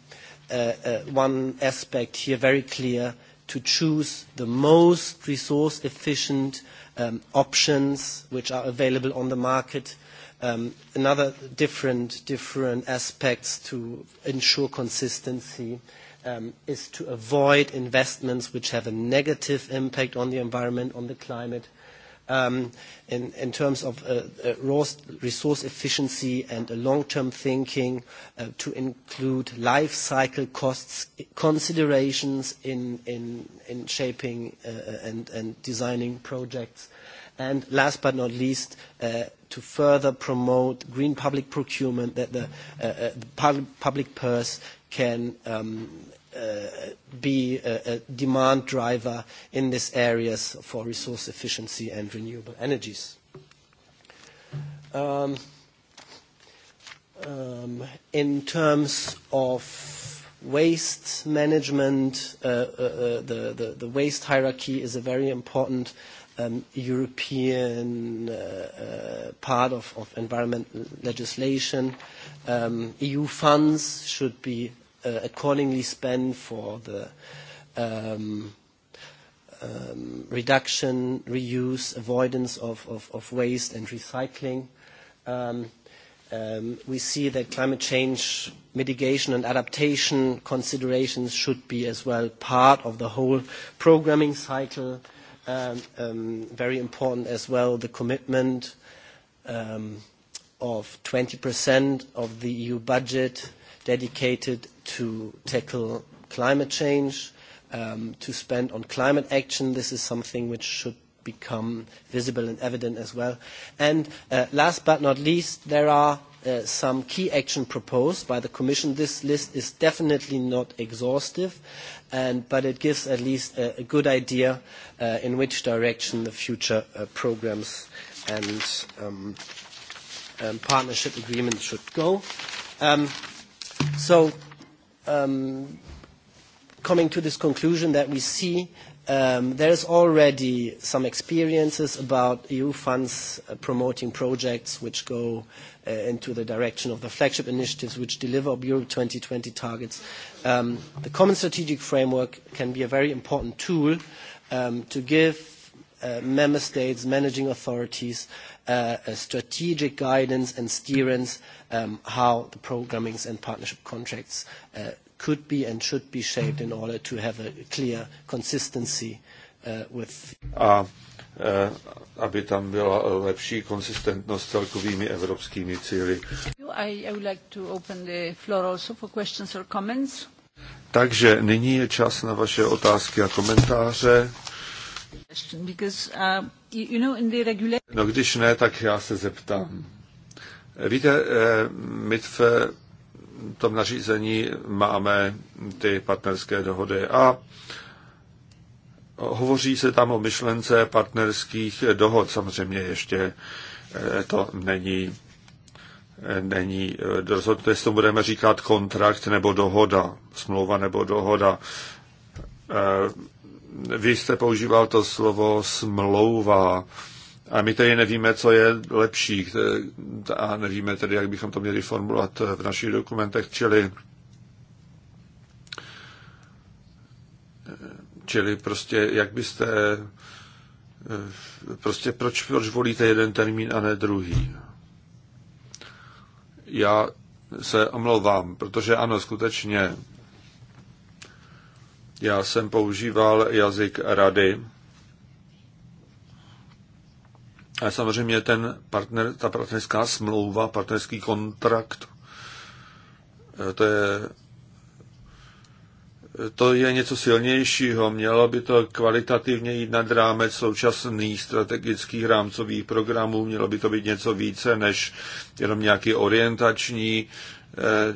[SPEAKER 4] uh, uh, one aspect here very clear to choose the most resource efficient um, options which are available on the market Um, another different, different aspects to ensure consistency um, is to avoid investments which have a negative impact on the environment, on the climate, um, in, terms of uh, uh, resource efficiency and a long-term thinking uh, to include life cycle costs considerations in, shaping and, and designing projects. And last but not least, to further promote green public procurement that the, uh, uh, pub public purse can um, uh, be a, a demand driver in these areas for resource efficiency and renewable energies. Um, um, in terms of waste management, uh, uh, uh, the, the, the waste hierarchy is a very important uh, um, European uh, uh, part of, of environmental legislation. Um, EU funds should be uh, accordingly spent for the um, um, reduction, reuse, avoidance of, of, of waste and recycling. Um, um, we see that climate change mitigation and adaptation considerations should be as well part of the whole programming cycle. Um, um, very important as well, the commitment um, of 20% of the EU budget dedicated to tackle climate change, to spend on climate action. This is something which should become visible and evident as well. Uh, last but not least, there are Uh, some key action proposed by the Commission. This list is definitely not exhaustive, and, but it gives at least a, a good idea uh, in which direction the future uh, programs and um, um partnership agreements should go. Um, so um, coming to this conclusion that we see Um, is already some experiences about EU funds uh, promoting projects which go uh, into the direction of the flagship initiatives which deliver Europe 2020 targets. Um, the common strategic framework can be a very important tool um, to give uh, member states, managing authorities, uh, a strategic guidance and steerance um, how the programmings and partnership contracts uh, could be and should be shaped in order to have a clear consistency uh, with.
[SPEAKER 2] A uh, aby tam byla uh, lepší konsistentnost s celkovými evropskými cíly.
[SPEAKER 1] I, I would like to open the floor also for questions or comments.
[SPEAKER 2] Takže nyní je čas na vaše otázky a komentáře.
[SPEAKER 1] Uh,
[SPEAKER 2] no když ne, tak já se zeptám. Víte, eh, my v tom nařízení máme ty partnerské dohody a hovoří se tam o myšlence partnerských dohod. Samozřejmě ještě eh, to není, eh, není rozhodnuté, eh, jestli to budeme říkat kontrakt nebo dohoda, smlouva nebo dohoda. Vy jste používal to slovo smlouva. A my tedy nevíme, co je lepší a nevíme tedy, jak bychom to měli formulovat v našich dokumentech, čili Čili prostě, jak byste, prostě proč, proč volíte jeden termín a ne druhý? Já se omlouvám, protože ano, skutečně, já jsem používal jazyk rady, ale samozřejmě ten partner, ta partnerská smlouva, partnerský kontrakt, eh, to je, to je něco silnějšího. Mělo by to kvalitativně jít nad rámec současných strategických rámcových programů, mělo by to být něco více než jenom nějaký orientační eh,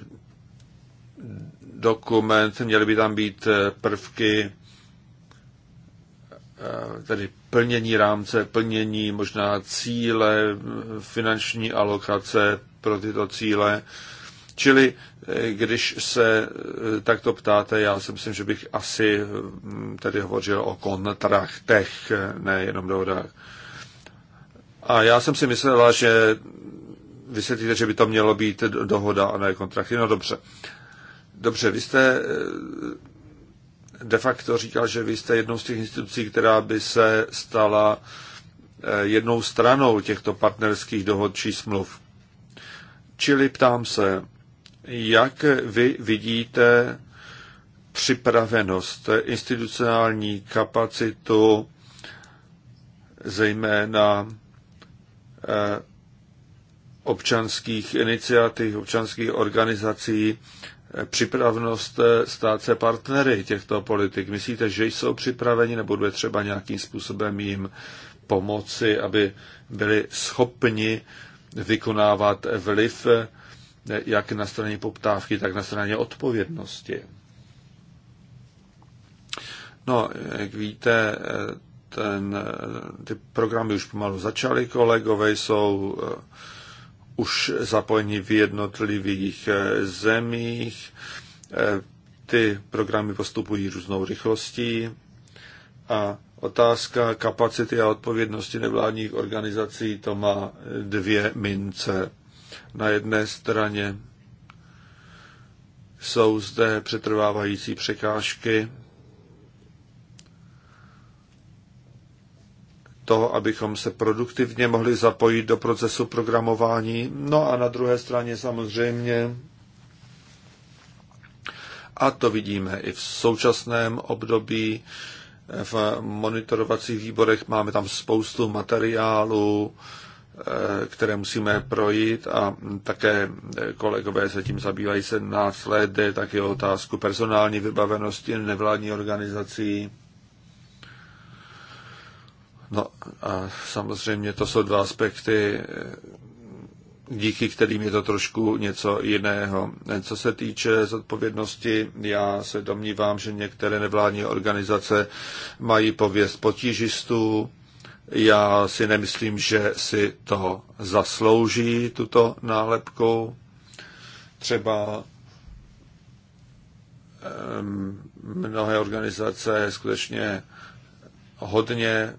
[SPEAKER 2] dokument, měly by tam být eh, prvky Eh, tedy plnění rámce, plnění možná cíle, eh, finanční alokace pro tyto cíle. Čili eh, když se takto ptáte, já si myslím, že bych asi tedy hovořil o kontraktech, ne jenom dohodách. A já jsem si myslela, že vysvětlíte, že by to mělo být dohoda a ne kontrakty. No dobře. Dobře, vy jste de facto říkal, že vy jste jednou z těch institucí, která by se stala eh, jednou stranou těchto partnerských dohod či smluv. Čili ptám se, jak vy vidíte připravenost, institucionální kapacitu, zejména eh, občanských iniciativ, občanských organizací připravnost eh, stát se partnery těchto politik? Myslíte, že jsou připraveni nebo bude třeba nějakým způsobem jim pomoci, aby byli schopni vykonávat vliv eh, jak na straně poptávky, tak na straně odpovědnosti? No, jak víte, eh, ten, ty programy už pomalu začaly, kolegové jsou už zapojeni v jednotlivých eh, zemích. Eh, ty programy postupují různou rychlostí a otázka kapacity a odpovědnosti nevládních organizací to má dvě mince. Na jedné straně jsou zde přetrvávající překážky toho, abychom se produktivně mohli zapojit do procesu programování. No a na druhé straně samozřejmě, a to vidíme i v současném období, v monitorovacích výborech máme tam spoustu materiálů, eh, které musíme projít a také eh, kolegové se tím zabývají se let, tak také otázku personální vybavenosti nevládní organizací No a samozřejmě to jsou dva aspekty, díky kterým je to trošku něco jiného. Co se týče zodpovědnosti, já se domnívám, že některé nevládní organizace mají pověst potížistů. Já si nemyslím, že si to zaslouží, tuto nálepkou. Třeba mnohé organizace skutečně hodně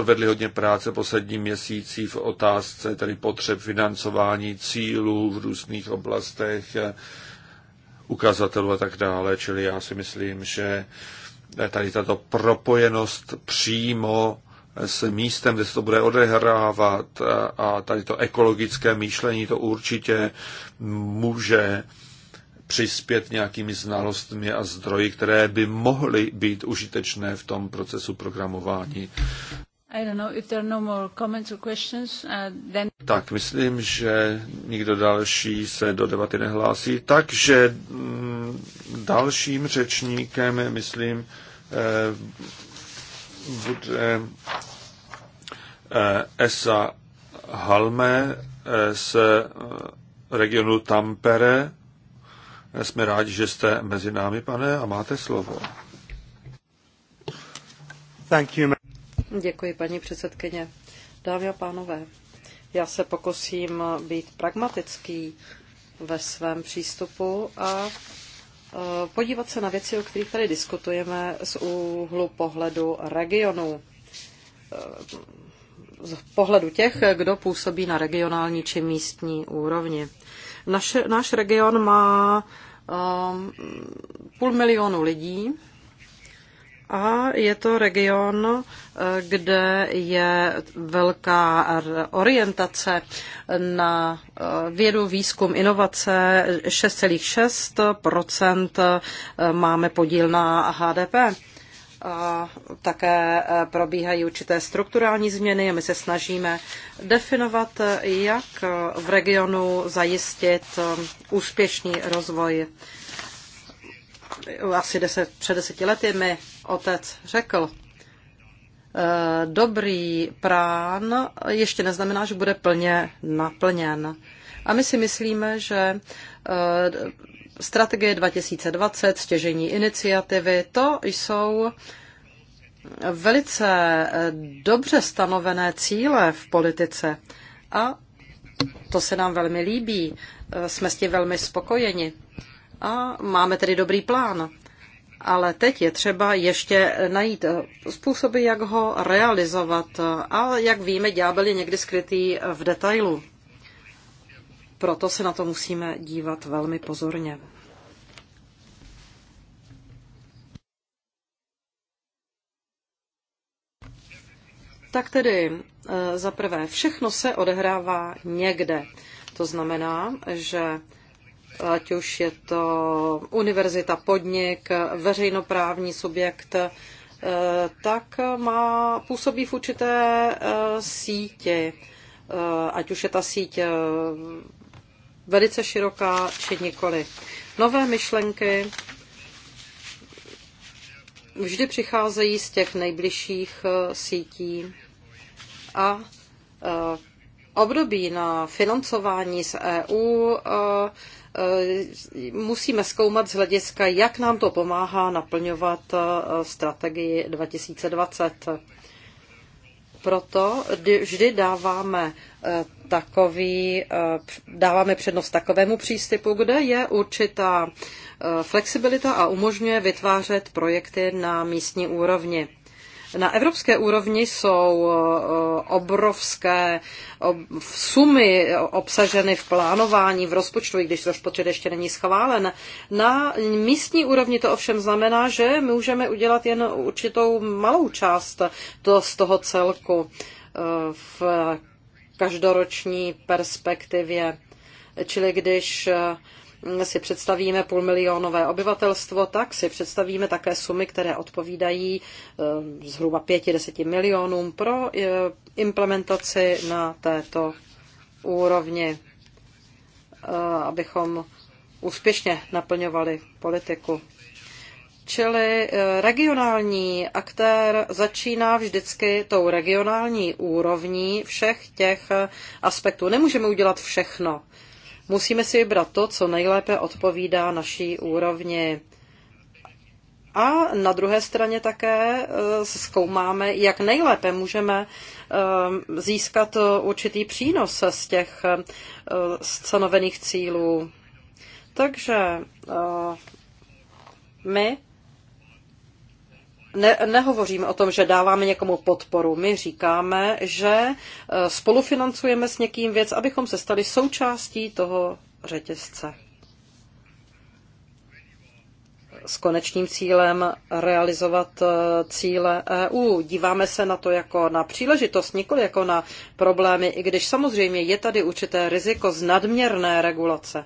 [SPEAKER 2] odvedli hodně práce poslední měsící v otázce tedy potřeb financování cílů v různých oblastech, ukazatelů a tak dále. Čili já si myslím, že tady tato propojenost přímo s místem, kde se to bude odehrávat a tady to ekologické myšlení to určitě může přispět nějakými znalostmi a zdroji, které by mohly být užitečné v tom procesu programování. Tak, myslím, že nikdo další se do debaty nehlásí. Takže mm, dalším řečníkem, myslím, eh, bude eh, Esa Halme eh, z regionu Tampere. Jsme rádi, že jste mezi námi, pane, a máte slovo. Thank you.
[SPEAKER 3] Děkuji, paní předsedkyně. Dámy a pánové, já se pokusím být pragmatický ve svém přístupu a e, podívat se na věci, o kterých tady diskutujeme z úhlu pohledu regionu, e, z pohledu těch, kdo působí na regionální či místní úrovni. Naš, náš region má um, půl milionu lidí, a je to region, eh, kde je velká orientace na eh, vědu, výzkum, inovace. 6,6 eh, máme podíl na HDP. A také probíhají určité strukturální změny a my se snažíme definovat, jak v regionu zajistit úspěšný rozvoj. Asi deset, před deseti lety my otec řekl, e, dobrý prán ještě neznamená, že bude plně naplněn. A my si myslíme, že e, strategie 2020, stěžení iniciativy, to jsou velice e, dobře stanovené cíle v politice a to se nám velmi líbí. Jsme s tím velmi spokojeni a máme tedy dobrý plán ale teď je třeba ještě najít způsoby, jak ho realizovat. A jak víme, ďábel je někdy skrytý v detailu. Proto se na to musíme dívat velmi pozorně. Tak tedy eh, za prvé, všechno se odehrává někde. To znamená, že ať už je to univerzita, podnik, veřejnoprávní subjekt, eh, tak má, působí v určité eh, síti, eh, ať už je ta síť velice široká či nikoli. Nové myšlenky vždy přicházejí z těch nejbližších sítí a období na financování z EU Eh, musíme zkoumat z hlediska, jak nám to pomáhá naplňovat eh, strategii 2020. Proto vždy dáváme eh, takový, dáváme přednost takovému přístupu, kde je určitá flexibilita a umožňuje vytvářet projekty na místní úrovni. Na evropské úrovni jsou eh, obrovské sumy obsaženy v plánování, v rozpočtu, i když rozpočet ještě není schválen. Na místní úrovni to ovšem znamená, že můžeme udělat jen určitou malou část to z toho celku eh, v každoroční perspektivě. Čili když eh, si představíme půlmilionové obyvatelstvo, tak si představíme také sumy, které odpovídají eh, zhruba 5-10 milionům pro eh, implementaci na této úrovni, eh, abychom úspěšně naplňovali politiku. Čili regionální aktér začíná vždycky tou regionální úrovní všech těch aspektů. Nemůžeme udělat všechno Musíme si vybrat to, co nejlépe odpovídá naší úrovni. A na druhé straně také eh, zkoumáme, jak nejlépe můžeme eh, získat eh, určitý přínos z těch stanovených cílů. Takže my ne, nehovoříme o tom, že dáváme někomu podporu. My říkáme, že e, spolufinancujeme s někým věc, abychom se stali součástí toho řetězce s konečným cílem realizovat e, cíle EU. Díváme se na to jako na příležitost, nikoli jako na problémy, i když samozřejmě je tady určité riziko z nadměrné regulace.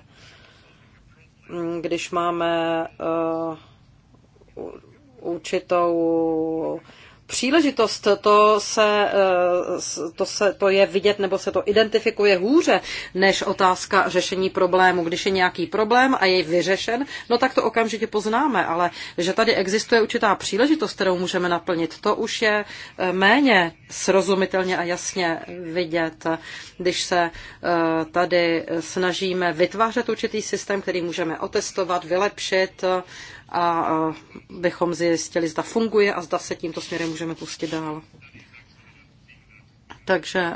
[SPEAKER 3] Mm, když máme uh, určitou příležitost, to se, eh, to se to je vidět nebo se to identifikuje hůře než otázka řešení problému. Když je nějaký problém a je vyřešen, no tak to okamžitě poznáme, ale že tady existuje určitá příležitost, kterou můžeme naplnit, to už je eh, méně srozumitelně a jasně vidět, když se eh, tady snažíme vytvářet určitý systém, který můžeme otestovat, vylepšit, a bychom zjistili, zda funguje a zda se tímto směrem můžeme pustit dál. Takže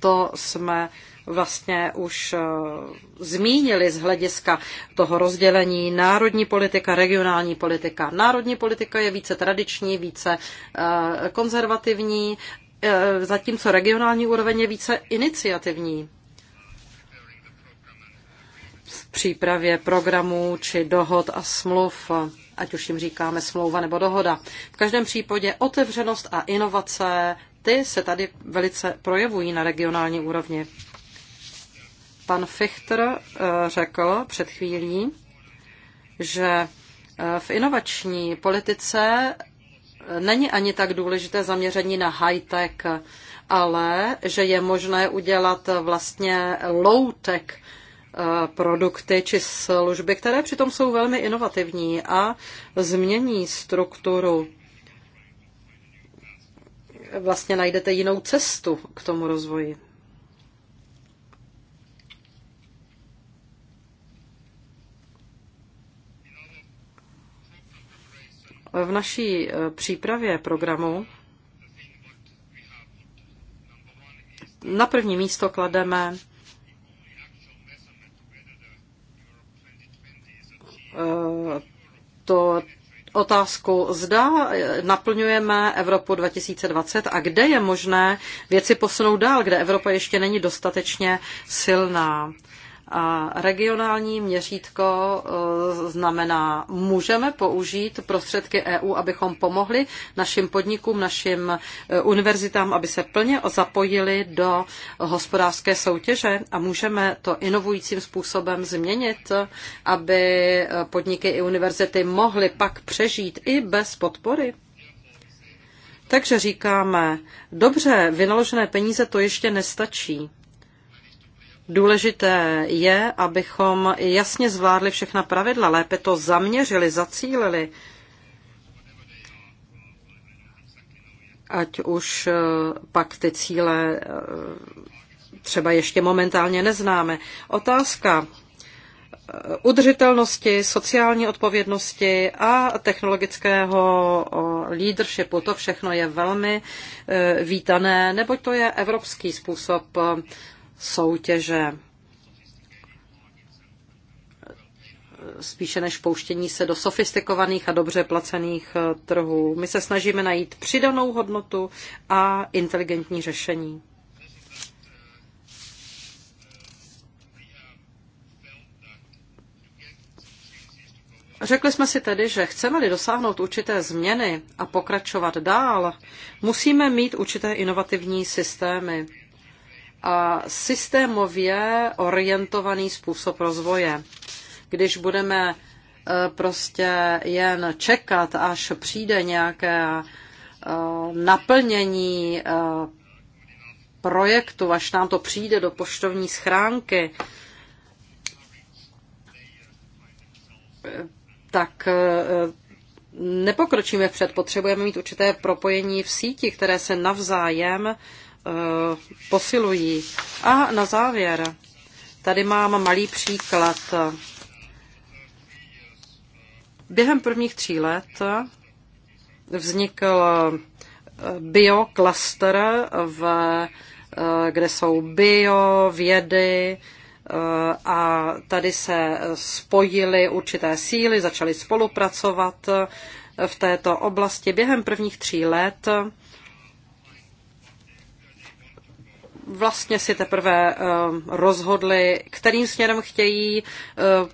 [SPEAKER 3] to jsme vlastně už e, zmínili z hlediska toho rozdělení národní politika, regionální politika. Národní politika je více tradiční, více e, konzervativní, e, zatímco regionální úroveň je více iniciativní přípravě programů či dohod a smluv, ať už jim říkáme smlouva nebo dohoda. V každém případě otevřenost a inovace, ty se tady velice projevují na regionální úrovni. Pan Fichter eh, řekl před chvílí, že eh, v inovační politice eh, není ani tak důležité zaměření na high-tech, ale že je možné udělat vlastně low-tech Eh, produkty či služby, které přitom jsou velmi inovativní a změní strukturu. Vlastně najdete jinou cestu k tomu rozvoji. V naší eh, přípravě programu na první místo klademe Eh, to otázku, zda naplňujeme Evropu 2020 a kde je možné věci posunout dál, kde Evropa ještě není dostatečně silná. A regionální měřítko e, znamená, můžeme použít prostředky EU, abychom pomohli našim podnikům, našim e, univerzitám, aby se plně zapojili do hospodářské soutěže a můžeme to inovujícím způsobem změnit, aby podniky i univerzity mohly pak přežít i bez podpory. Takže říkáme, dobře, vynaložené peníze to ještě nestačí. Důležité je, abychom jasně zvládli všechna pravidla, lépe to zaměřili, zacílili. Ať už eh, pak ty cíle eh, třeba ještě momentálně neznáme. Otázka eh, udržitelnosti, sociální odpovědnosti a technologického leadershipu. To všechno je velmi vítané, neboť to je evropský způsob soutěže spíše než pouštění se do sofistikovaných a dobře placených eh, trhů. My se snažíme najít přidanou hodnotu a inteligentní řešení. Řekli jsme si tedy, že chceme-li dosáhnout určité změny a pokračovat dál, musíme mít určité inovativní systémy a systémově orientovaný způsob rozvoje. Když budeme e, prostě jen čekat, až přijde nějaké e, naplnění e, projektu, až nám to přijde do poštovní schránky, tak nepokročíme vpřed. Potřebujeme mít určité propojení v síti, které se navzájem Eh, posilují. A na závěr, tady mám malý příklad. Během prvních tří let vznikl eh, biokluster, eh, kde jsou bio, vědy, a tady se spojily určité síly, začaly spolupracovat v této oblasti. Během prvních tří let vlastně si teprve eh, rozhodli, kterým směrem chtějí eh,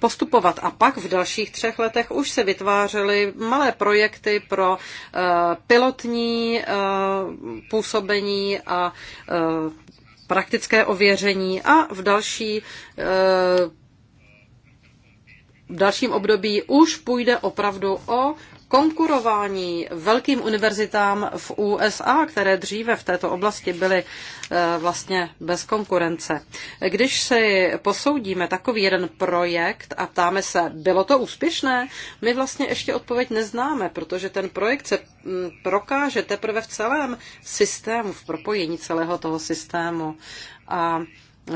[SPEAKER 3] postupovat. A pak v dalších třech letech už se vytvářely malé projekty pro eh, pilotní působení a praktické ověření a v další v dalším období už půjde opravdu o konkurování velkým univerzitám v USA, které dříve v této oblasti byly eh, vlastně bez konkurence. Když si posoudíme takový jeden projekt a ptáme se, bylo to úspěšné, my vlastně ještě odpověď neznáme, protože ten projekt se mm, prokáže teprve v celém systému, v propojení celého toho systému. A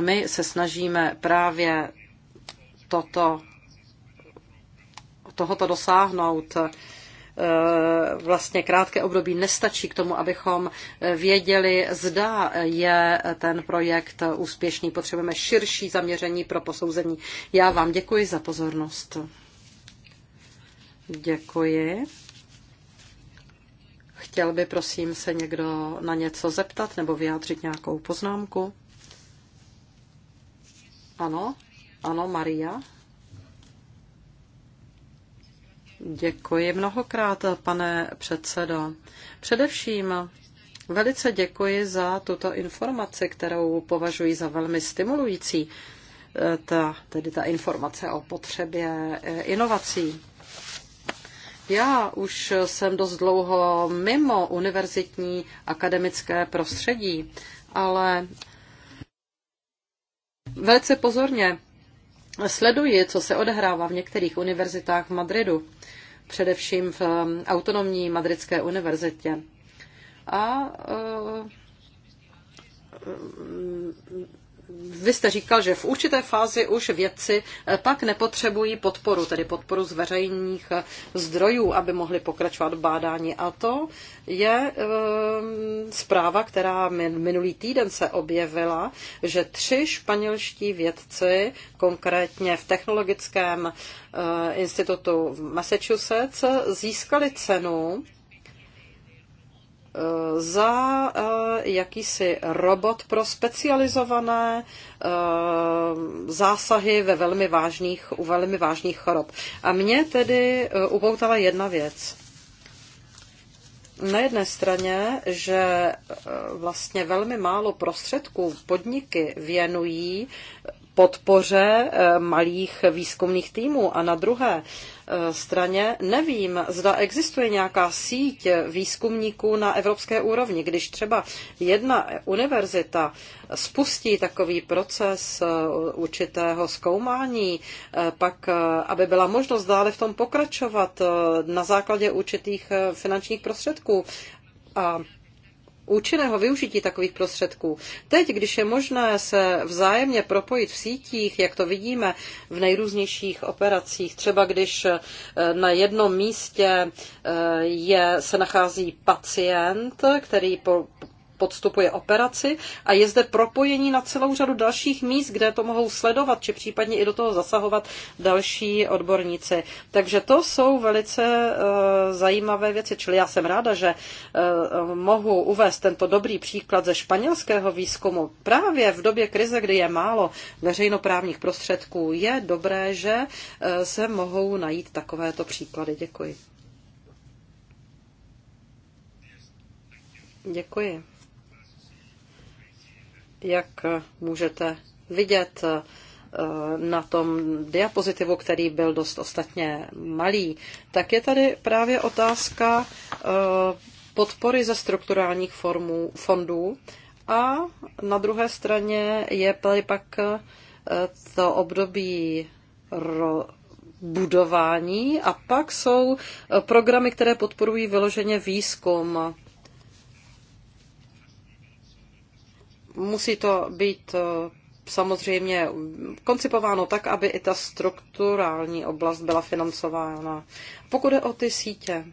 [SPEAKER 3] my se snažíme právě toto, tohoto dosáhnout Eh, vlastně krátké období nestačí k tomu, abychom věděli, zda je ten projekt úspěšný. Potřebujeme širší zaměření pro posouzení. Já vám děkuji za pozornost. Děkuji. Chtěl by, prosím, se někdo na něco zeptat nebo vyjádřit nějakou poznámku? Ano, ano, Maria. Děkuji mnohokrát, pane předsedo. Především velice děkuji za tuto informaci, kterou považuji za velmi stimulující, ta, tedy ta informace o potřebě e, inovací. Já už jsem dost dlouho mimo univerzitní akademické prostředí, ale velice pozorně sleduji, co se odehrává v některých univerzitách v Madridu především v um, autonomní Madridské univerzitě. A uh, vy jste říkal, že v určité fázi už vědci eh, pak nepotřebují podporu, tedy podporu z veřejných eh, zdrojů, aby mohli pokračovat v bádání. A to je eh, zpráva, která minulý týden se objevila, že tři španělští vědci, konkrétně v technologickém institutu v Massachusetts, získali cenu Eh, za eh, jakýsi robot pro specializované eh, zásahy ve velmi vážných, u velmi vážných chorob. A mě tedy upoutala jedna věc. Na jedné straně, že vlastně velmi málo prostředků podniky věnují podpoře malých výzkumných týmů a na druhé Eh, straně nevím, zda existuje nějaká síť výzkumníků na evropské úrovni. Když třeba jedna univerzita spustí takový proces eh, určitého zkoumání, eh, pak aby byla možnost dále v tom pokračovat na základě určitých finančních prostředků. A účinného využití takových prostředků. Teď, když je možné se vzájemně propojit v sítích, jak to vidíme v nejrůznějších operacích, třeba když eh, na jednom místě eh, je, se nachází pacient, který po, podstupuje operaci a je zde propojení na celou řadu dalších míst, kde to mohou sledovat, či případně i do toho zasahovat další odborníci. Takže to jsou velice eh, zajímavé věci, čili já jsem ráda, že eh, mohu uvést tento dobrý příklad ze španělského výzkumu. Právě v době krize, kdy je málo veřejnoprávních prostředků, je dobré, že eh, se mohou najít takovéto příklady. Děkuji. Děkuji. Jak můžete vidět eh, na tom diapozitivu, který byl dost ostatně malý, tak je tady právě otázka eh, podpory ze strukturálních formů, fondů a na druhé straně je tady pak eh, to období ro- budování a pak jsou programy, které podporují vyloženě výzkum Musí to být eh, samozřejmě koncipováno tak, aby i ta strukturální oblast byla financována. Pokud je o ty sítě,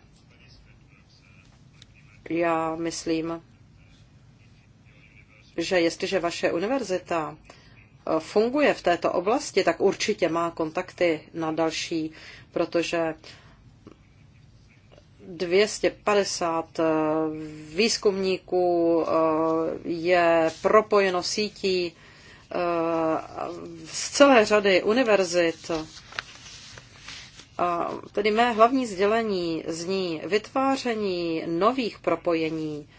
[SPEAKER 3] já myslím, že jestliže vaše univerzita eh, funguje v této oblasti, tak určitě má kontakty na další, protože 250 eh, výzkumníků eh, je propojeno sítí eh, z celé řady univerzit. A tedy mé hlavní sdělení zní vytváření nových propojení,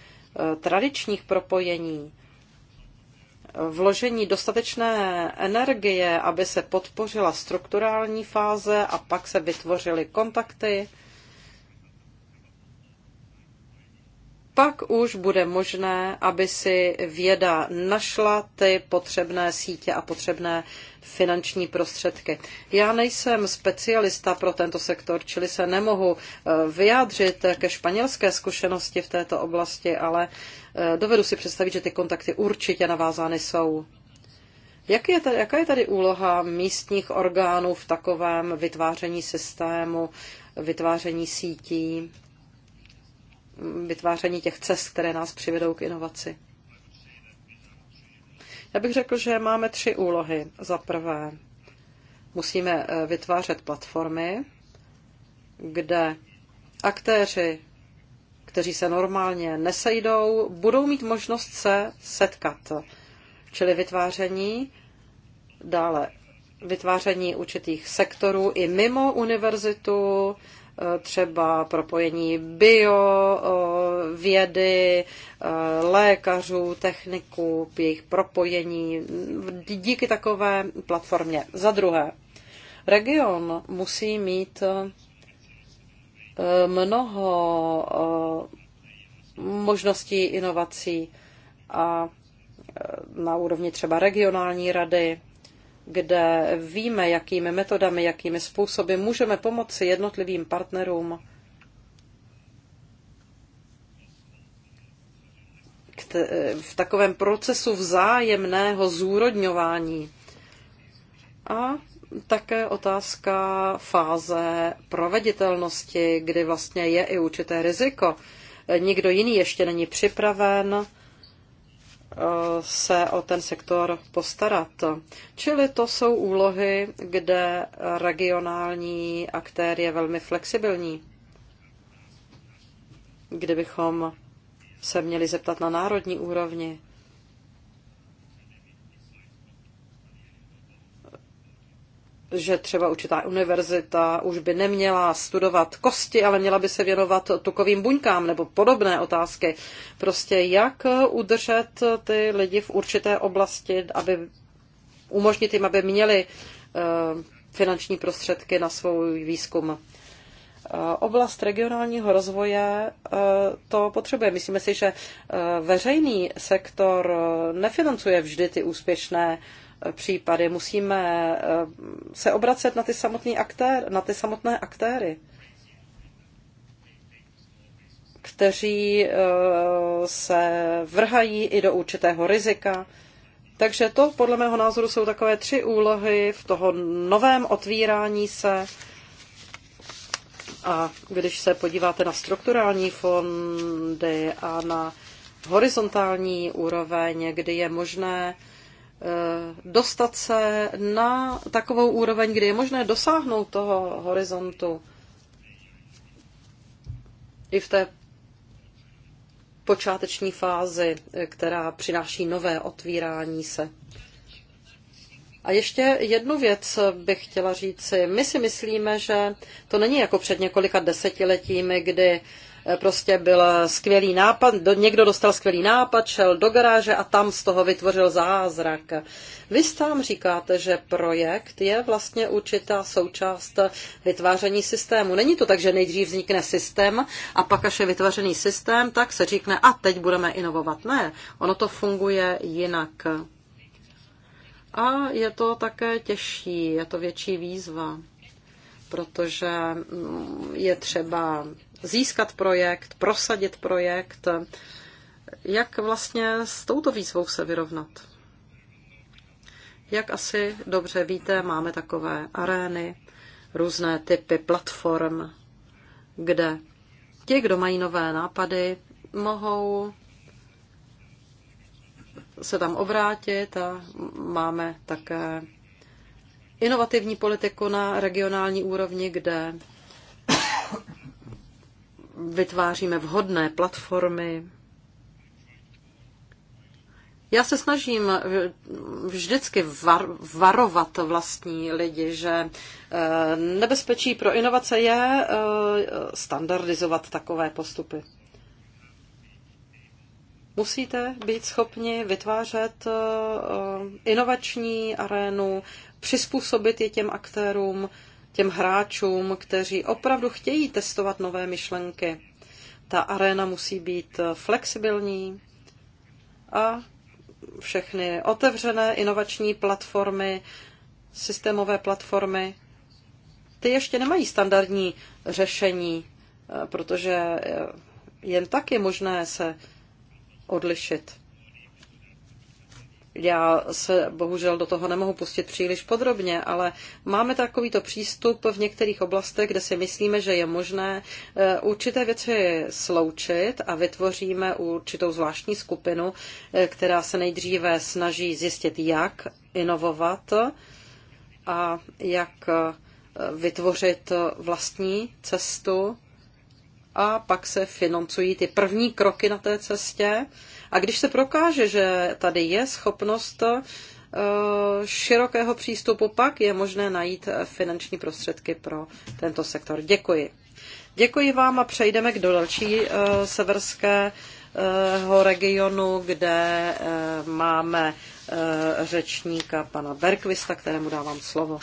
[SPEAKER 3] tradičních propojení, vložení dostatečné energie, aby se podpořila strukturální fáze a pak se vytvořily kontakty, pak už bude možné, aby si věda našla ty potřebné sítě a potřebné finanční prostředky. Já nejsem specialista pro tento sektor, čili se nemohu eh, vyjádřit ke španělské zkušenosti v této oblasti, ale eh, dovedu si představit, že ty kontakty určitě navázány jsou. Jak je tady, jaká je tady úloha místních orgánů v takovém vytváření systému, vytváření sítí? vytváření těch cest, které nás přivedou k inovaci. Já bych řekl, že máme tři úlohy. Za prvé, musíme eh, vytvářet platformy, kde aktéři, kteří se normálně nesejdou, budou mít možnost se setkat. Čili vytváření dále vytváření určitých sektorů i mimo univerzitu, třeba propojení bio vědy lékařů, techniků, jejich propojení díky takové platformě. Za druhé, region musí mít mnoho možností inovací a e, na úrovni třeba regionální rady, kde víme, jakými metodami, jakými způsoby můžeme pomoci jednotlivým partnerům, v takovém procesu vzájemného zúrodňování. A také otázka fáze proveditelnosti, kdy vlastně je i určité riziko. Nikdo jiný ještě není připraven se o ten sektor postarat. Čili to jsou úlohy, kde regionální aktér je velmi flexibilní. Kdybychom se měli zeptat na národní úrovni, že třeba určitá univerzita už by neměla studovat kosti, ale měla by se věnovat tukovým buňkám nebo podobné otázky. Prostě jak udržet ty lidi v určité oblasti, aby umožnit jim, aby měli eh, finanční prostředky na svůj výzkum. Eh, oblast regionálního rozvoje eh, to potřebuje. Myslíme si, že veřejný sektor nefinancuje vždy ty úspěšné případy. Musíme eh, se obracet na ty, samotný aktér, na ty samotné aktéry, kteří eh, se vrhají i do určitého rizika. Takže to podle mého názoru jsou takové tři úlohy v toho novém otvírání se. A když se podíváte na strukturální fondy a na horizontální úroveň, kdy je možné uh, Eh, dostat se na takovou úroveň, kdy je možné dosáhnout toho horizontu i v té počáteční fázi, eh, která přináší nové otvírání se. A ještě jednu věc bych chtěla říci. My si myslíme, že to není jako před několika desetiletími, kdy Eh, prostě byl eh, skvělý nápad, někdo dostal skvělý nápad, šel do garáže a tam z toho vytvořil zázrak. Vy sám říkáte, že projekt je vlastně určitá součást vytváření systému. Není to tak, že nejdřív vznikne systém a pak, až je vytvořený systém, tak se říkne, a teď budeme inovovat. Ne, ono to funguje jinak. A je to také těžší, je to větší výzva, protože mm, je třeba získat projekt, prosadit projekt. Jak vlastně s touto výzvou se vyrovnat? Jak asi dobře víte, máme takové arény, různé typy platform, kde ti, kdo mají nové nápady, mohou se tam obrátit a máme také inovativní politiku na regionální úrovni, kde vytváříme vhodné platformy. Já se snažím vždycky var, varovat vlastní lidi, že eh, nebezpečí pro inovace je eh, standardizovat takové postupy. Musíte být schopni vytvářet eh, inovační arénu, přizpůsobit je těm aktérům, těm hráčům, kteří opravdu chtějí testovat nové myšlenky. Ta arena musí být flexibilní a všechny otevřené inovační platformy, systémové platformy, ty ještě nemají standardní řešení, eh, protože eh, jen tak je možné se odlišit. Já se bohužel do toho nemohu pustit příliš podrobně, ale máme takovýto přístup v některých oblastech, kde si myslíme, že je možné eh, určité věci sloučit a vytvoříme určitou zvláštní skupinu, eh, která se nejdříve snaží zjistit, jak inovovat a jak eh, vytvořit vlastní cestu a pak se financují ty první kroky na té cestě. A když se prokáže, že tady je schopnost eh, širokého přístupu, pak je možné najít finanční prostředky pro tento sektor. Děkuji. Děkuji vám a přejdeme k další eh, severského eh, regionu, kde máme řečníka pana Berkvista, kterému dávám slovo.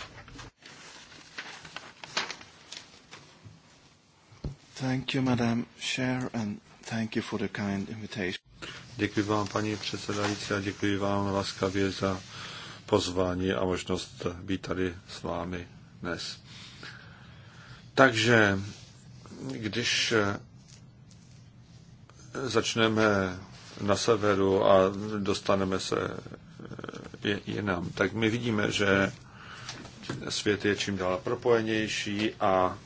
[SPEAKER 2] Thank you, Madam Chair, and thank you for the kind invitation. Děkuji vám, paní předsedající, a děkuji vám laskavě za pozvání a možnost být tady s vámi dnes. Takže, když eh, začneme na severu a dostaneme se eh, jinam, tak my vidíme, že svět je čím dál propojenější a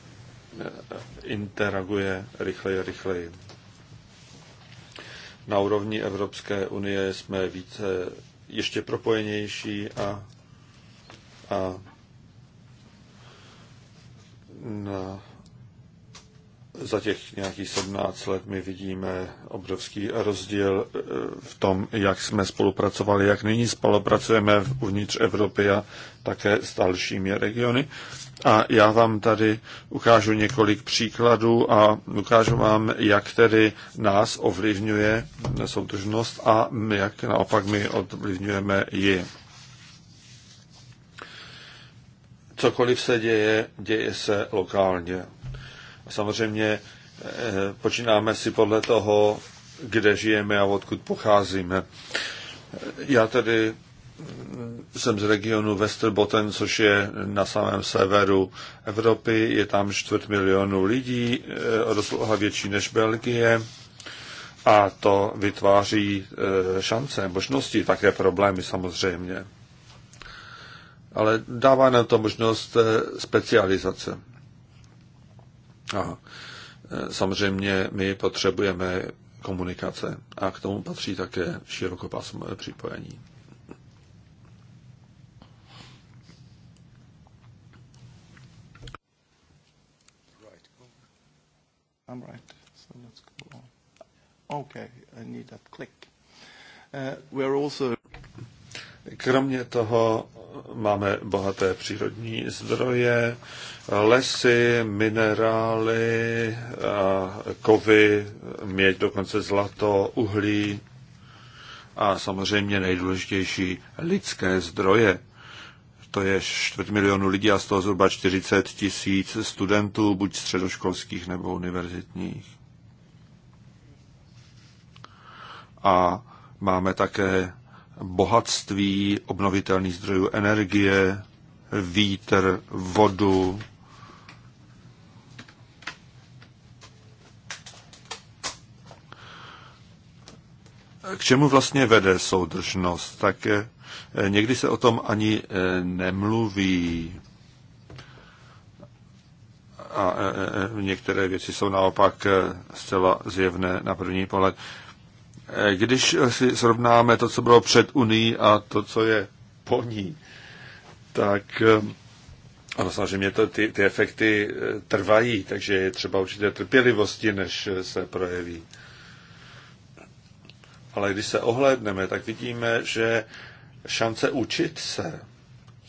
[SPEAKER 2] interaguje rychleji a rychleji. Na úrovni Evropské unie jsme více ještě propojenější a, a na, za těch nějakých 17 let my vidíme obrovský rozdíl e, v tom, jak jsme spolupracovali, jak nyní spolupracujeme uvnitř Evropy a také s dalšími regiony. A já vám tady ukážu několik příkladů a ukážu vám, jak tedy nás ovlivňuje soudržnost a jak naopak my ovlivňujeme ji. Cokoliv se děje, děje se lokálně. A samozřejmě eh, počínáme si podle toho, kde žijeme a odkud pocházíme. Já tedy jsem z regionu Westerbotten, což je na samém severu Evropy. Je tam čtvrt milionu lidí, eh, rozloha větší než Belgie. A to vytváří eh, šance, možnosti, také problémy samozřejmě. Ale dává nám to možnost eh, specializace. A samozřejmě my potřebujeme komunikace a k tomu patří také širokopásmové připojení.
[SPEAKER 4] I'm right. So let's go on. Okay, I need that click. Uh, are also...
[SPEAKER 2] Kromě toho máme bohaté přírodní zdroje, lesy, minerály, kovy, měď, dokonce zlato, uhlí a samozřejmě nejdůležitější lidské zdroje to je čtvrt milionu lidí a z toho zhruba 40 tisíc studentů, buď středoškolských nebo univerzitních. A máme také bohatství obnovitelných zdrojů energie, vítr, vodu. K čemu vlastně vede soudržnost? Také Eh, někdy se o tom ani eh, nemluví. A eh, některé věci jsou naopak zcela zjevné na první pohled. Když si srovnáme to, co bylo před Unii a to, co je po ní, tak ano, samozřejmě to, ty, ty efekty trvají, takže je třeba určité trpělivosti, než se projeví. Ale když se ohlédneme, tak vidíme, že šance učit se,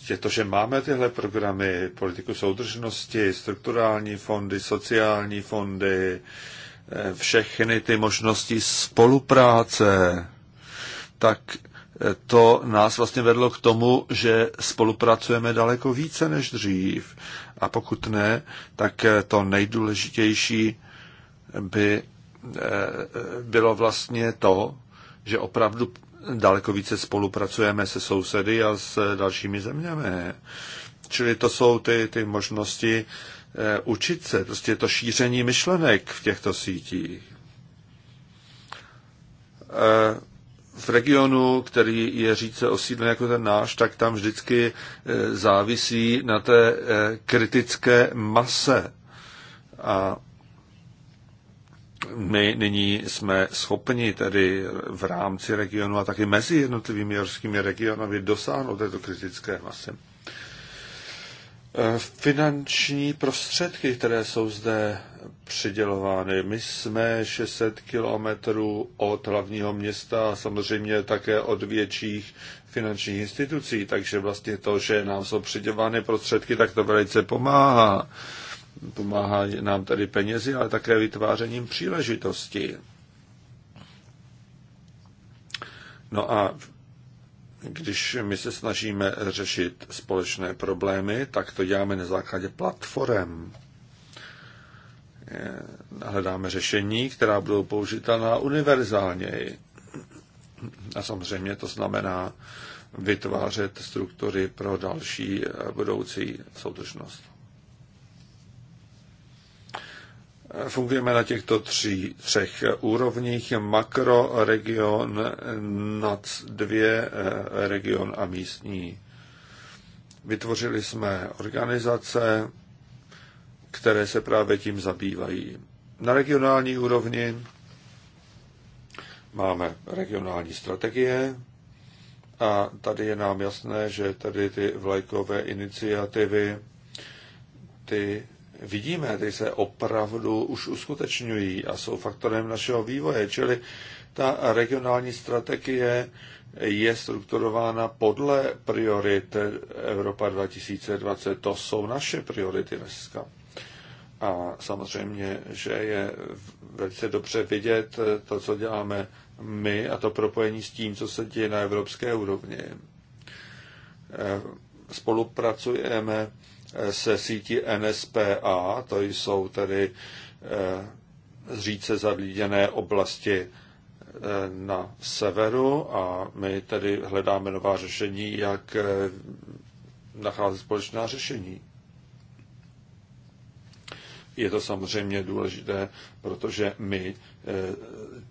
[SPEAKER 2] je to, že máme tyhle programy, politiku soudržnosti, strukturální fondy, sociální fondy, eh, všechny ty možnosti spolupráce, tak eh, to nás vlastně vedlo k tomu, že spolupracujeme daleko více než dřív. A pokud ne, tak eh, to nejdůležitější by bylo vlastně to, že opravdu daleko více spolupracujeme se sousedy a s dalšími zeměmi. Čili to jsou ty, ty možnosti eh, učit se, prostě to šíření myšlenek v těchto sítích. Eh, v regionu, který je říce osídlen jako ten náš, tak tam vždycky eh, závisí na té kritické mase. A my nyní jsme schopni tedy v rámci regionu a taky mezi jednotlivými jorskými regiony dosáhnout této kritické masy. Eh, finanční prostředky, které jsou zde přidělovány. My jsme 600 kilometrů od hlavního města a samozřejmě také od větších finančních institucí, takže vlastně to, že nám jsou přidělovány prostředky, tak to velice pomáhá. Pomáhá nám tady penězi, ale také vytvářením příležitosti. No a když my se snažíme řešit společné problémy, tak to děláme na základě platform. Hledáme řešení, která budou použitelná univerzálněji. A samozřejmě to znamená vytvářet struktury pro další budoucí soudržnost. Fungujeme na těchto tří, třech úrovních. Makro, region, dvě eh, region a místní. Vytvořili jsme organizace, které se právě tím zabývají. Na regionální úrovni máme regionální strategie a tady je nám jasné, že tady ty vlajkové iniciativy, ty vidíme, ty se opravdu už uskutečňují a jsou faktorem našeho vývoje. Čili ta regionální strategie je strukturována podle priorit Evropa 2020. To jsou naše priority dneska. A samozřejmě, že je velice dobře vidět to, co děláme my a to propojení s tím, co se děje na evropské úrovni. Spolupracujeme se sítí NSPA, to jsou tedy eh, zříce zadlíděné oblasti eh, na severu a my tedy hledáme nová řešení, jak eh, nacházet společná řešení. Je to samozřejmě důležité, protože my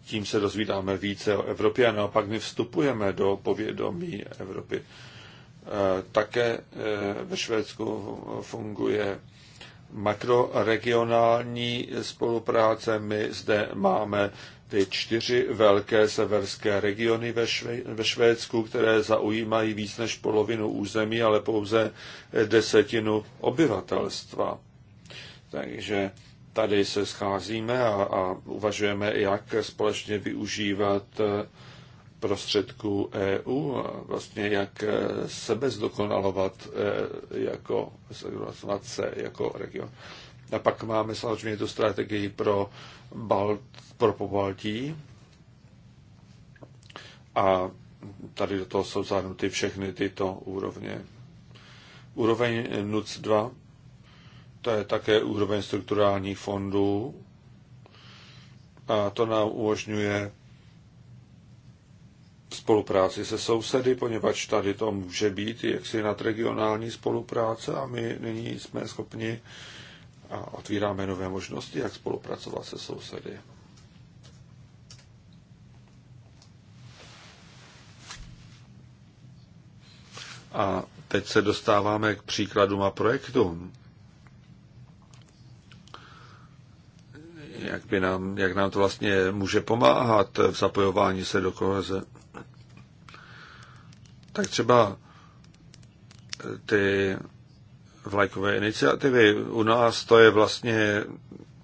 [SPEAKER 2] tím se dozvídáme více o Evropě a naopak my vstupujeme do povědomí Evropy. Eh, také eh, ve Švédsku funguje makroregionální spolupráce. My zde máme ty čtyři velké severské regiony ve, Švě- ve Švédsku, které zaujímají víc než polovinu území, ale pouze desetinu obyvatelstva. Takže tady se scházíme a, a uvažujeme, jak společně využívat eh, prostředků EU a vlastně jak eh, sebe eh, jako, zdokonalovat jako, se jako region. A pak máme samozřejmě tu strategii pro, Balt, pro pobaltí a tady do toho jsou zahrnuty všechny tyto úrovně. Úroveň NUC 2, to je také úroveň strukturálních fondů a to nám umožňuje spolupráci se sousedy, poněvadž tady to může být jaksi nadregionální spolupráce a my nyní jsme schopni a otvíráme nové možnosti, jak spolupracovat se sousedy. A teď se dostáváme k příkladům a projektům. Jak, by nám, jak nám to vlastně může pomáhat v zapojování se do koheze tak třeba eh, ty vlajkové iniciativy, u nás to je vlastně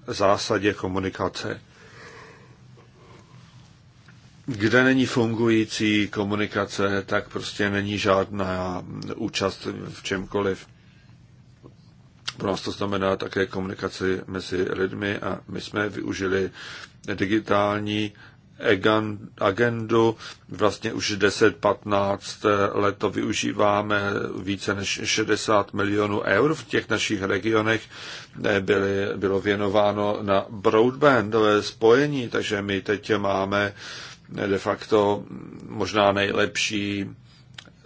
[SPEAKER 2] zásadě komunikace. Kde není fungující komunikace, tak prostě není žádná účast v čemkoliv. Pro nás to znamená také komunikaci mezi lidmi a my jsme využili digitální agendu. Vlastně už 10-15 let to využíváme. Více než 60 milionů eur v těch našich regionech eh, byly, bylo věnováno na broadbandové spojení, takže my teď máme eh, de facto možná nejlepší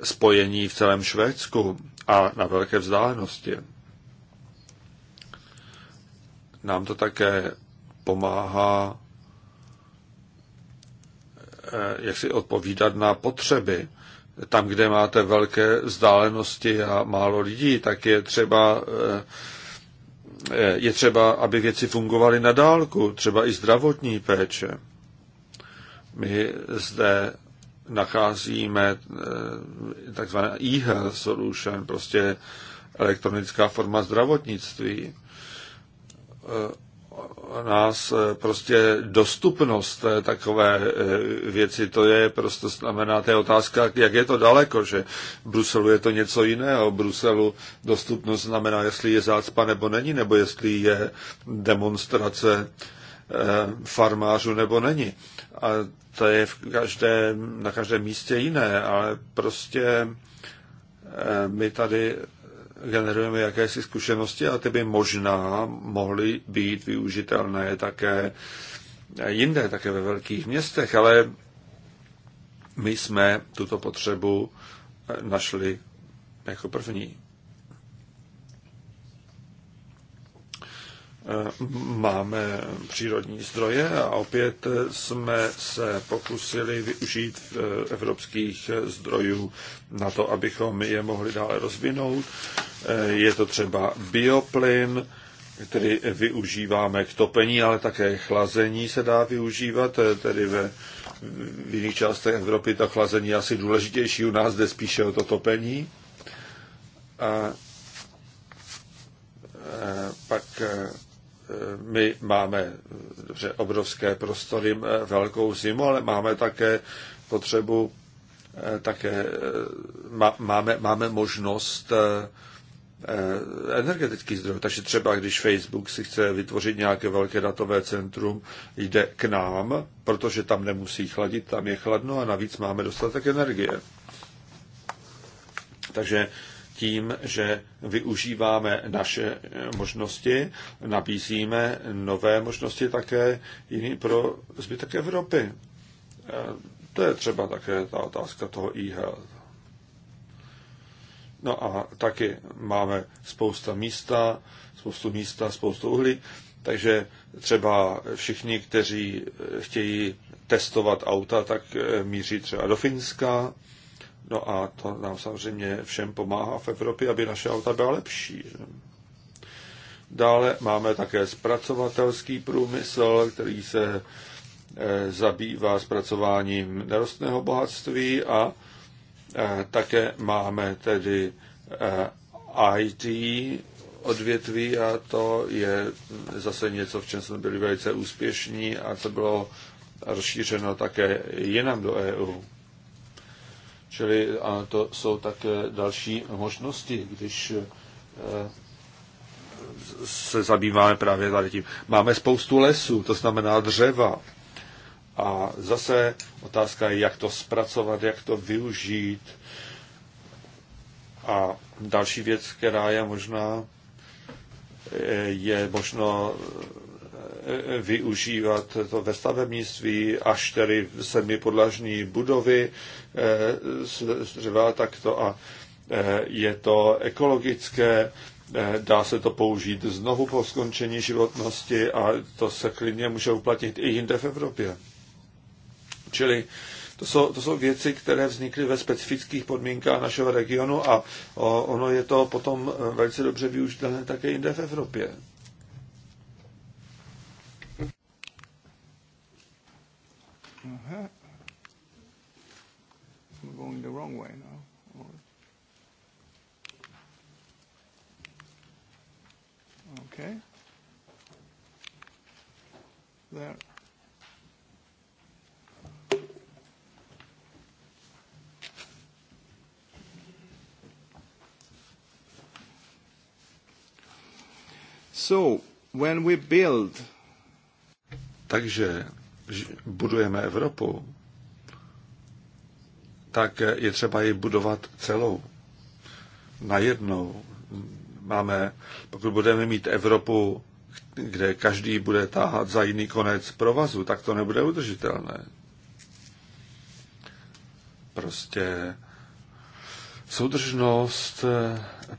[SPEAKER 2] spojení v celém Švédsku a na velké vzdálenosti. Nám to také pomáhá Eh, jak si odpovídat na potřeby. Tam, kde máte velké vzdálenosti a málo lidí, tak je třeba, eh, eh, je třeba, aby věci fungovaly na dálku, třeba i zdravotní péče. My zde nacházíme takzvané e-health solution, prostě elektronická forma zdravotnictví nás eh, prostě dostupnost eh, takové eh, věci, to je prostě znamená, to je otázka, jak je to daleko, že v Bruselu je to něco jiného. V Bruselu dostupnost znamená, jestli je zácpa nebo není, nebo jestli je demonstrace farmářů nebo není. A to je v každé, na každém místě jiné, ale prostě my tady generujeme jakési zkušenosti a ty by možná mohly být využitelné také jinde, také ve velkých městech, ale my jsme tuto potřebu našli jako první. máme přírodní zdroje a opět jsme se pokusili využít eh, evropských zdrojů na to, abychom je mohli dále rozvinout. Eh, je to třeba bioplyn, který využíváme k topení, ale také chlazení se dá využívat, eh, tedy ve v jiných částech Evropy to chlazení je asi důležitější, u nás jde spíše o to topení. A pak my máme dobře, obrovské prostory, velkou zimu, ale máme také potřebu, eh, také eh, máme, máme možnost eh, energetický zdroj. Takže třeba, když Facebook si chce vytvořit nějaké velké datové centrum, jde k nám, protože tam nemusí chladit, tam je chladno a navíc máme dostatek energie. Takže tím, že využíváme naše možnosti, nabízíme nové možnosti také jiný pro zbytek Evropy. E, to je třeba také ta otázka toho e-health. No a taky máme spousta místa, spoustu místa, spoustu uhlí, takže třeba všichni, kteří chtějí testovat auta, tak míří třeba do Finska, No a to nám samozřejmě všem pomáhá v Evropě, aby naše auta byla lepší. Dále máme také zpracovatelský průmysl, který se eh, zabývá zpracováním nerostného bohatství a eh, také máme tedy eh, IT odvětví a to je zase něco, v čem jsme byli velice úspěšní a co bylo rozšířeno také jinam do EU. Čili a to jsou také další možnosti, když eh, se zabýváme právě tady tím. Máme spoustu lesů, to znamená dřeva. A zase otázka je, jak to zpracovat, jak to využít. A další věc, která je možná, eh, je možno využívat to ve stavebnictví, až tedy podlažní budovy eh, dřeva, takto a eh, je to ekologické, eh, dá se to použít znovu po skončení životnosti a to se klidně může uplatnit i jinde v Evropě. Čili to jsou, to jsou věci, které vznikly ve specifických podmínkách našeho regionu a ono je to potom velice dobře využitelné také jinde v Evropě.
[SPEAKER 3] Uh-huh. going the wrong way now.
[SPEAKER 2] Okay. There. So, when we build... Takže budujeme Evropu, tak je třeba ji budovat celou. Najednou máme, pokud budeme mít Evropu, kde každý bude táhat za jiný konec provazu, tak to nebude udržitelné. Prostě soudržnost,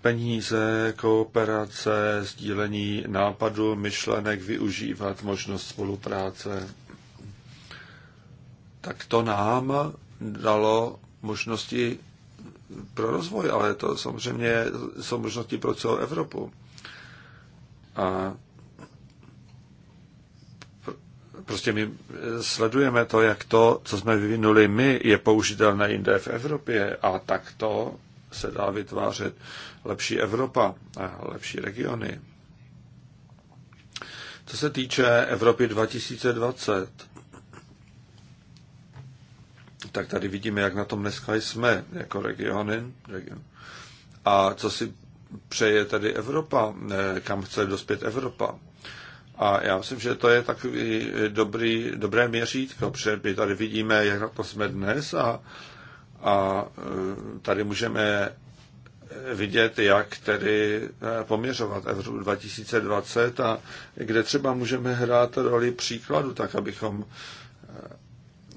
[SPEAKER 2] peníze, kooperace, sdílení nápadů, myšlenek, využívat možnost spolupráce tak to nám dalo možnosti pro rozvoj, ale to samozřejmě jsou možnosti pro celou Evropu. A prostě my sledujeme to, jak to, co jsme vyvinuli my, je použitelné jinde v Evropě a tak to se dá vytvářet lepší Evropa a lepší regiony. Co se týče Evropy 2020, tak tady vidíme, jak na tom dneska jsme jako regiony. Region. A co si přeje tady Evropa, kam chce dospět Evropa. A já myslím, že to je takový dobrý, dobré měřítko, protože my tady vidíme, jak na to jsme dnes a, a e, tady můžeme vidět, jak tedy e, poměřovat Evropu 2020 a kde třeba můžeme hrát roli příkladu, tak abychom e,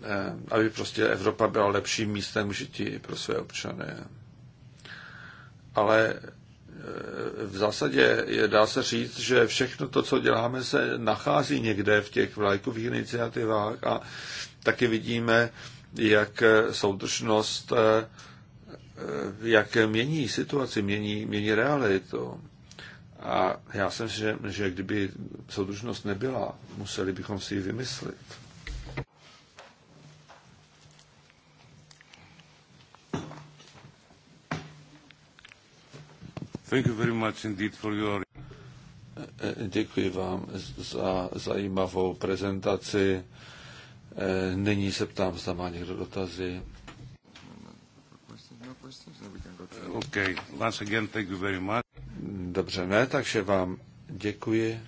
[SPEAKER 2] Eh, aby prostě Evropa byla lepším místem žití pro své občany. Ale eh, v zásadě je, dá se říct, že všechno to, co děláme, se nachází někde v těch vlajkových iniciativách a taky vidíme, jak eh, soudržnost, jak mění situaci, mění, mění realitu. A já jsem si, že, že kdyby soudržnost nebyla, museli bychom si ji vymyslet. Thank you very much indeed for your... Eh, eh, děkuji vám za zajímavou prezentaci. Eh, nyní se ptám, zda má někdo dotazy. Okay. Once again, thank you very much. Dobře, ne, takže vám děkuji.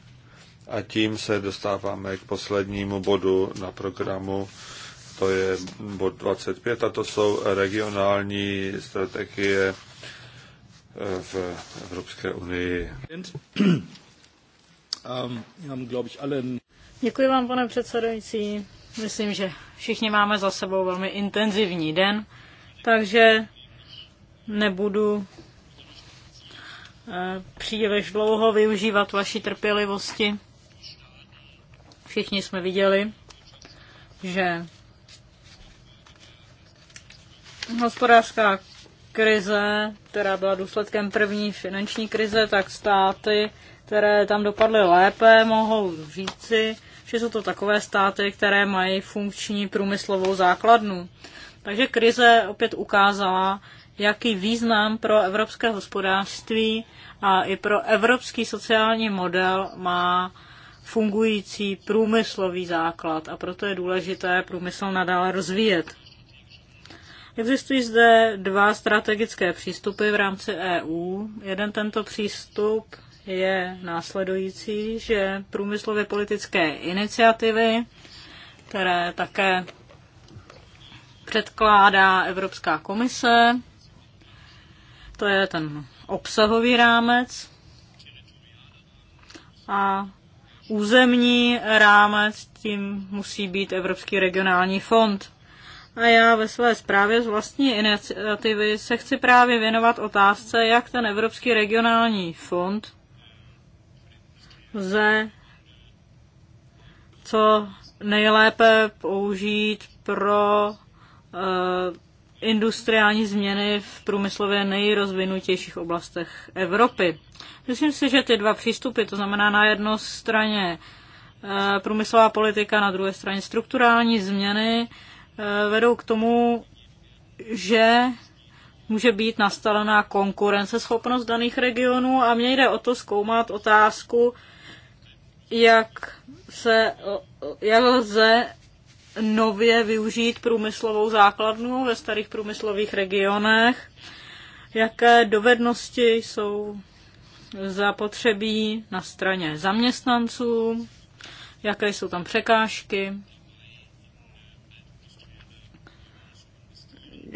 [SPEAKER 2] A tím se dostáváme k poslednímu bodu na programu, to je bod 25, a to jsou regionální strategie v Evropské unii. Um,
[SPEAKER 1] Děkuji vám, pane předsedající. Myslím, že všichni máme za sebou velmi intenzivní den, takže nebudu eh, příliš dlouho využívat vaší trpělivosti. Všichni jsme viděli, že hospodářská krize, která byla důsledkem první finanční krize, tak státy, které tam dopadly lépe, mohou říci, že jsou to takové státy, které mají funkční průmyslovou základnu. Takže krize opět ukázala, jaký význam pro evropské hospodářství a i pro evropský sociální model má fungující průmyslový základ a proto je důležité průmysl nadále rozvíjet. Existují zde dva strategické přístupy v rámci EU. Jeden tento přístup je následující, že průmyslově politické iniciativy, které také předkládá Evropská komise, to je ten obsahový rámec a územní rámec, tím musí být Evropský regionální fond. A já ve své zprávě z vlastní iniciativy se chci právě věnovat otázce, jak ten Evropský regionální fond lze co nejlépe použít pro uh, industriální změny v průmyslově nejrozvinutějších oblastech Evropy. Myslím si, že ty dva přístupy, to znamená na jedné straně eh, průmyslová politika, na druhé straně strukturální změny, Eh, vedou k tomu, že může být nastavená konkurenceschopnost daných regionů a mně jde o to zkoumat otázku, jak, se, jak lze nově využít průmyslovou základnu ve starých průmyslových regionech, jaké dovednosti jsou zapotřebí na straně zaměstnanců, jaké jsou tam překážky,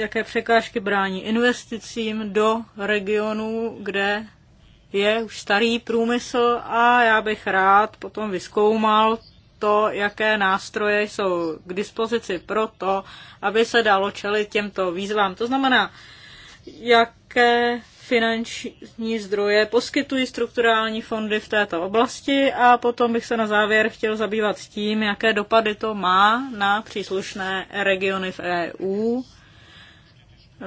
[SPEAKER 1] jaké překážky brání investicím do regionů, kde je už starý průmysl a já bych rád potom vyskoumal to, jaké nástroje jsou k dispozici pro to, aby se dalo čelit těmto výzvám. To znamená, jaké finanční zdroje poskytují strukturální fondy v této oblasti a potom bych se na závěr chtěl zabývat tím, jaké dopady to má na příslušné regiony v EU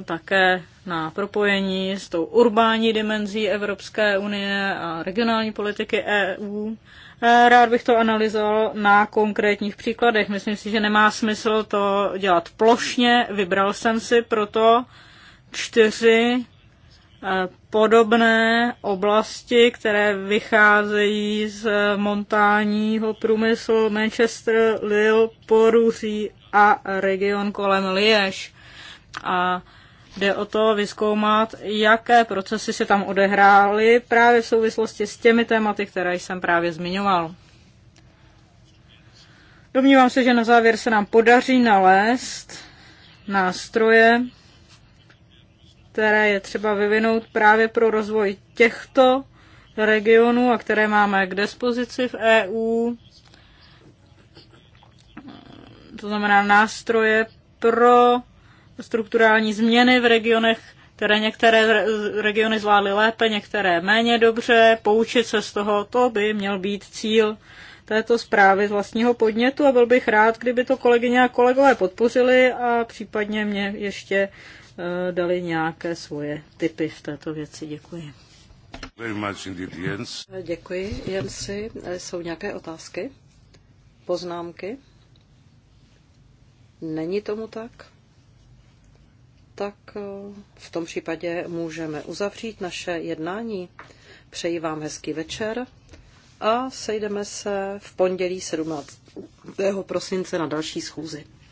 [SPEAKER 1] také na propojení s tou urbání dimenzí Evropské unie a regionální politiky EU. E, rád bych to analyzoval na konkrétních příkladech. Myslím si, že nemá smysl to dělat plošně. Vybral jsem si proto čtyři e, podobné oblasti, které vycházejí z montánního průmyslu Manchester, Lille, Poruří a region kolem Liež. A Jde o to vyzkoumat, jaké procesy se tam odehrály právě v souvislosti s těmi tématy, které jsem právě zmiňoval. Domnívám se, že na závěr se nám podaří nalézt nástroje, které je třeba vyvinout právě pro rozvoj těchto regionů a které máme k dispozici v EU. To znamená nástroje pro strukturální změny v regionech, které některé regiony zvládly lépe, některé méně dobře, poučit se z toho, to by měl být cíl této zprávy z vlastního podnětu a byl bych rád, kdyby to kolegyně a kolegové podpořili a případně mě ještě eh, dali nějaké svoje typy v této věci. Děkuji.
[SPEAKER 2] Very much indeed, Jens.
[SPEAKER 3] Eh, děkuji, Jensi. Eh, jsou nějaké otázky? Poznámky? Není tomu tak? tak eh, v tom případě můžeme uzavřít naše jednání. Přeji vám hezký večer a sejdeme se v pondělí 17. Eh, prosince na další schůzi.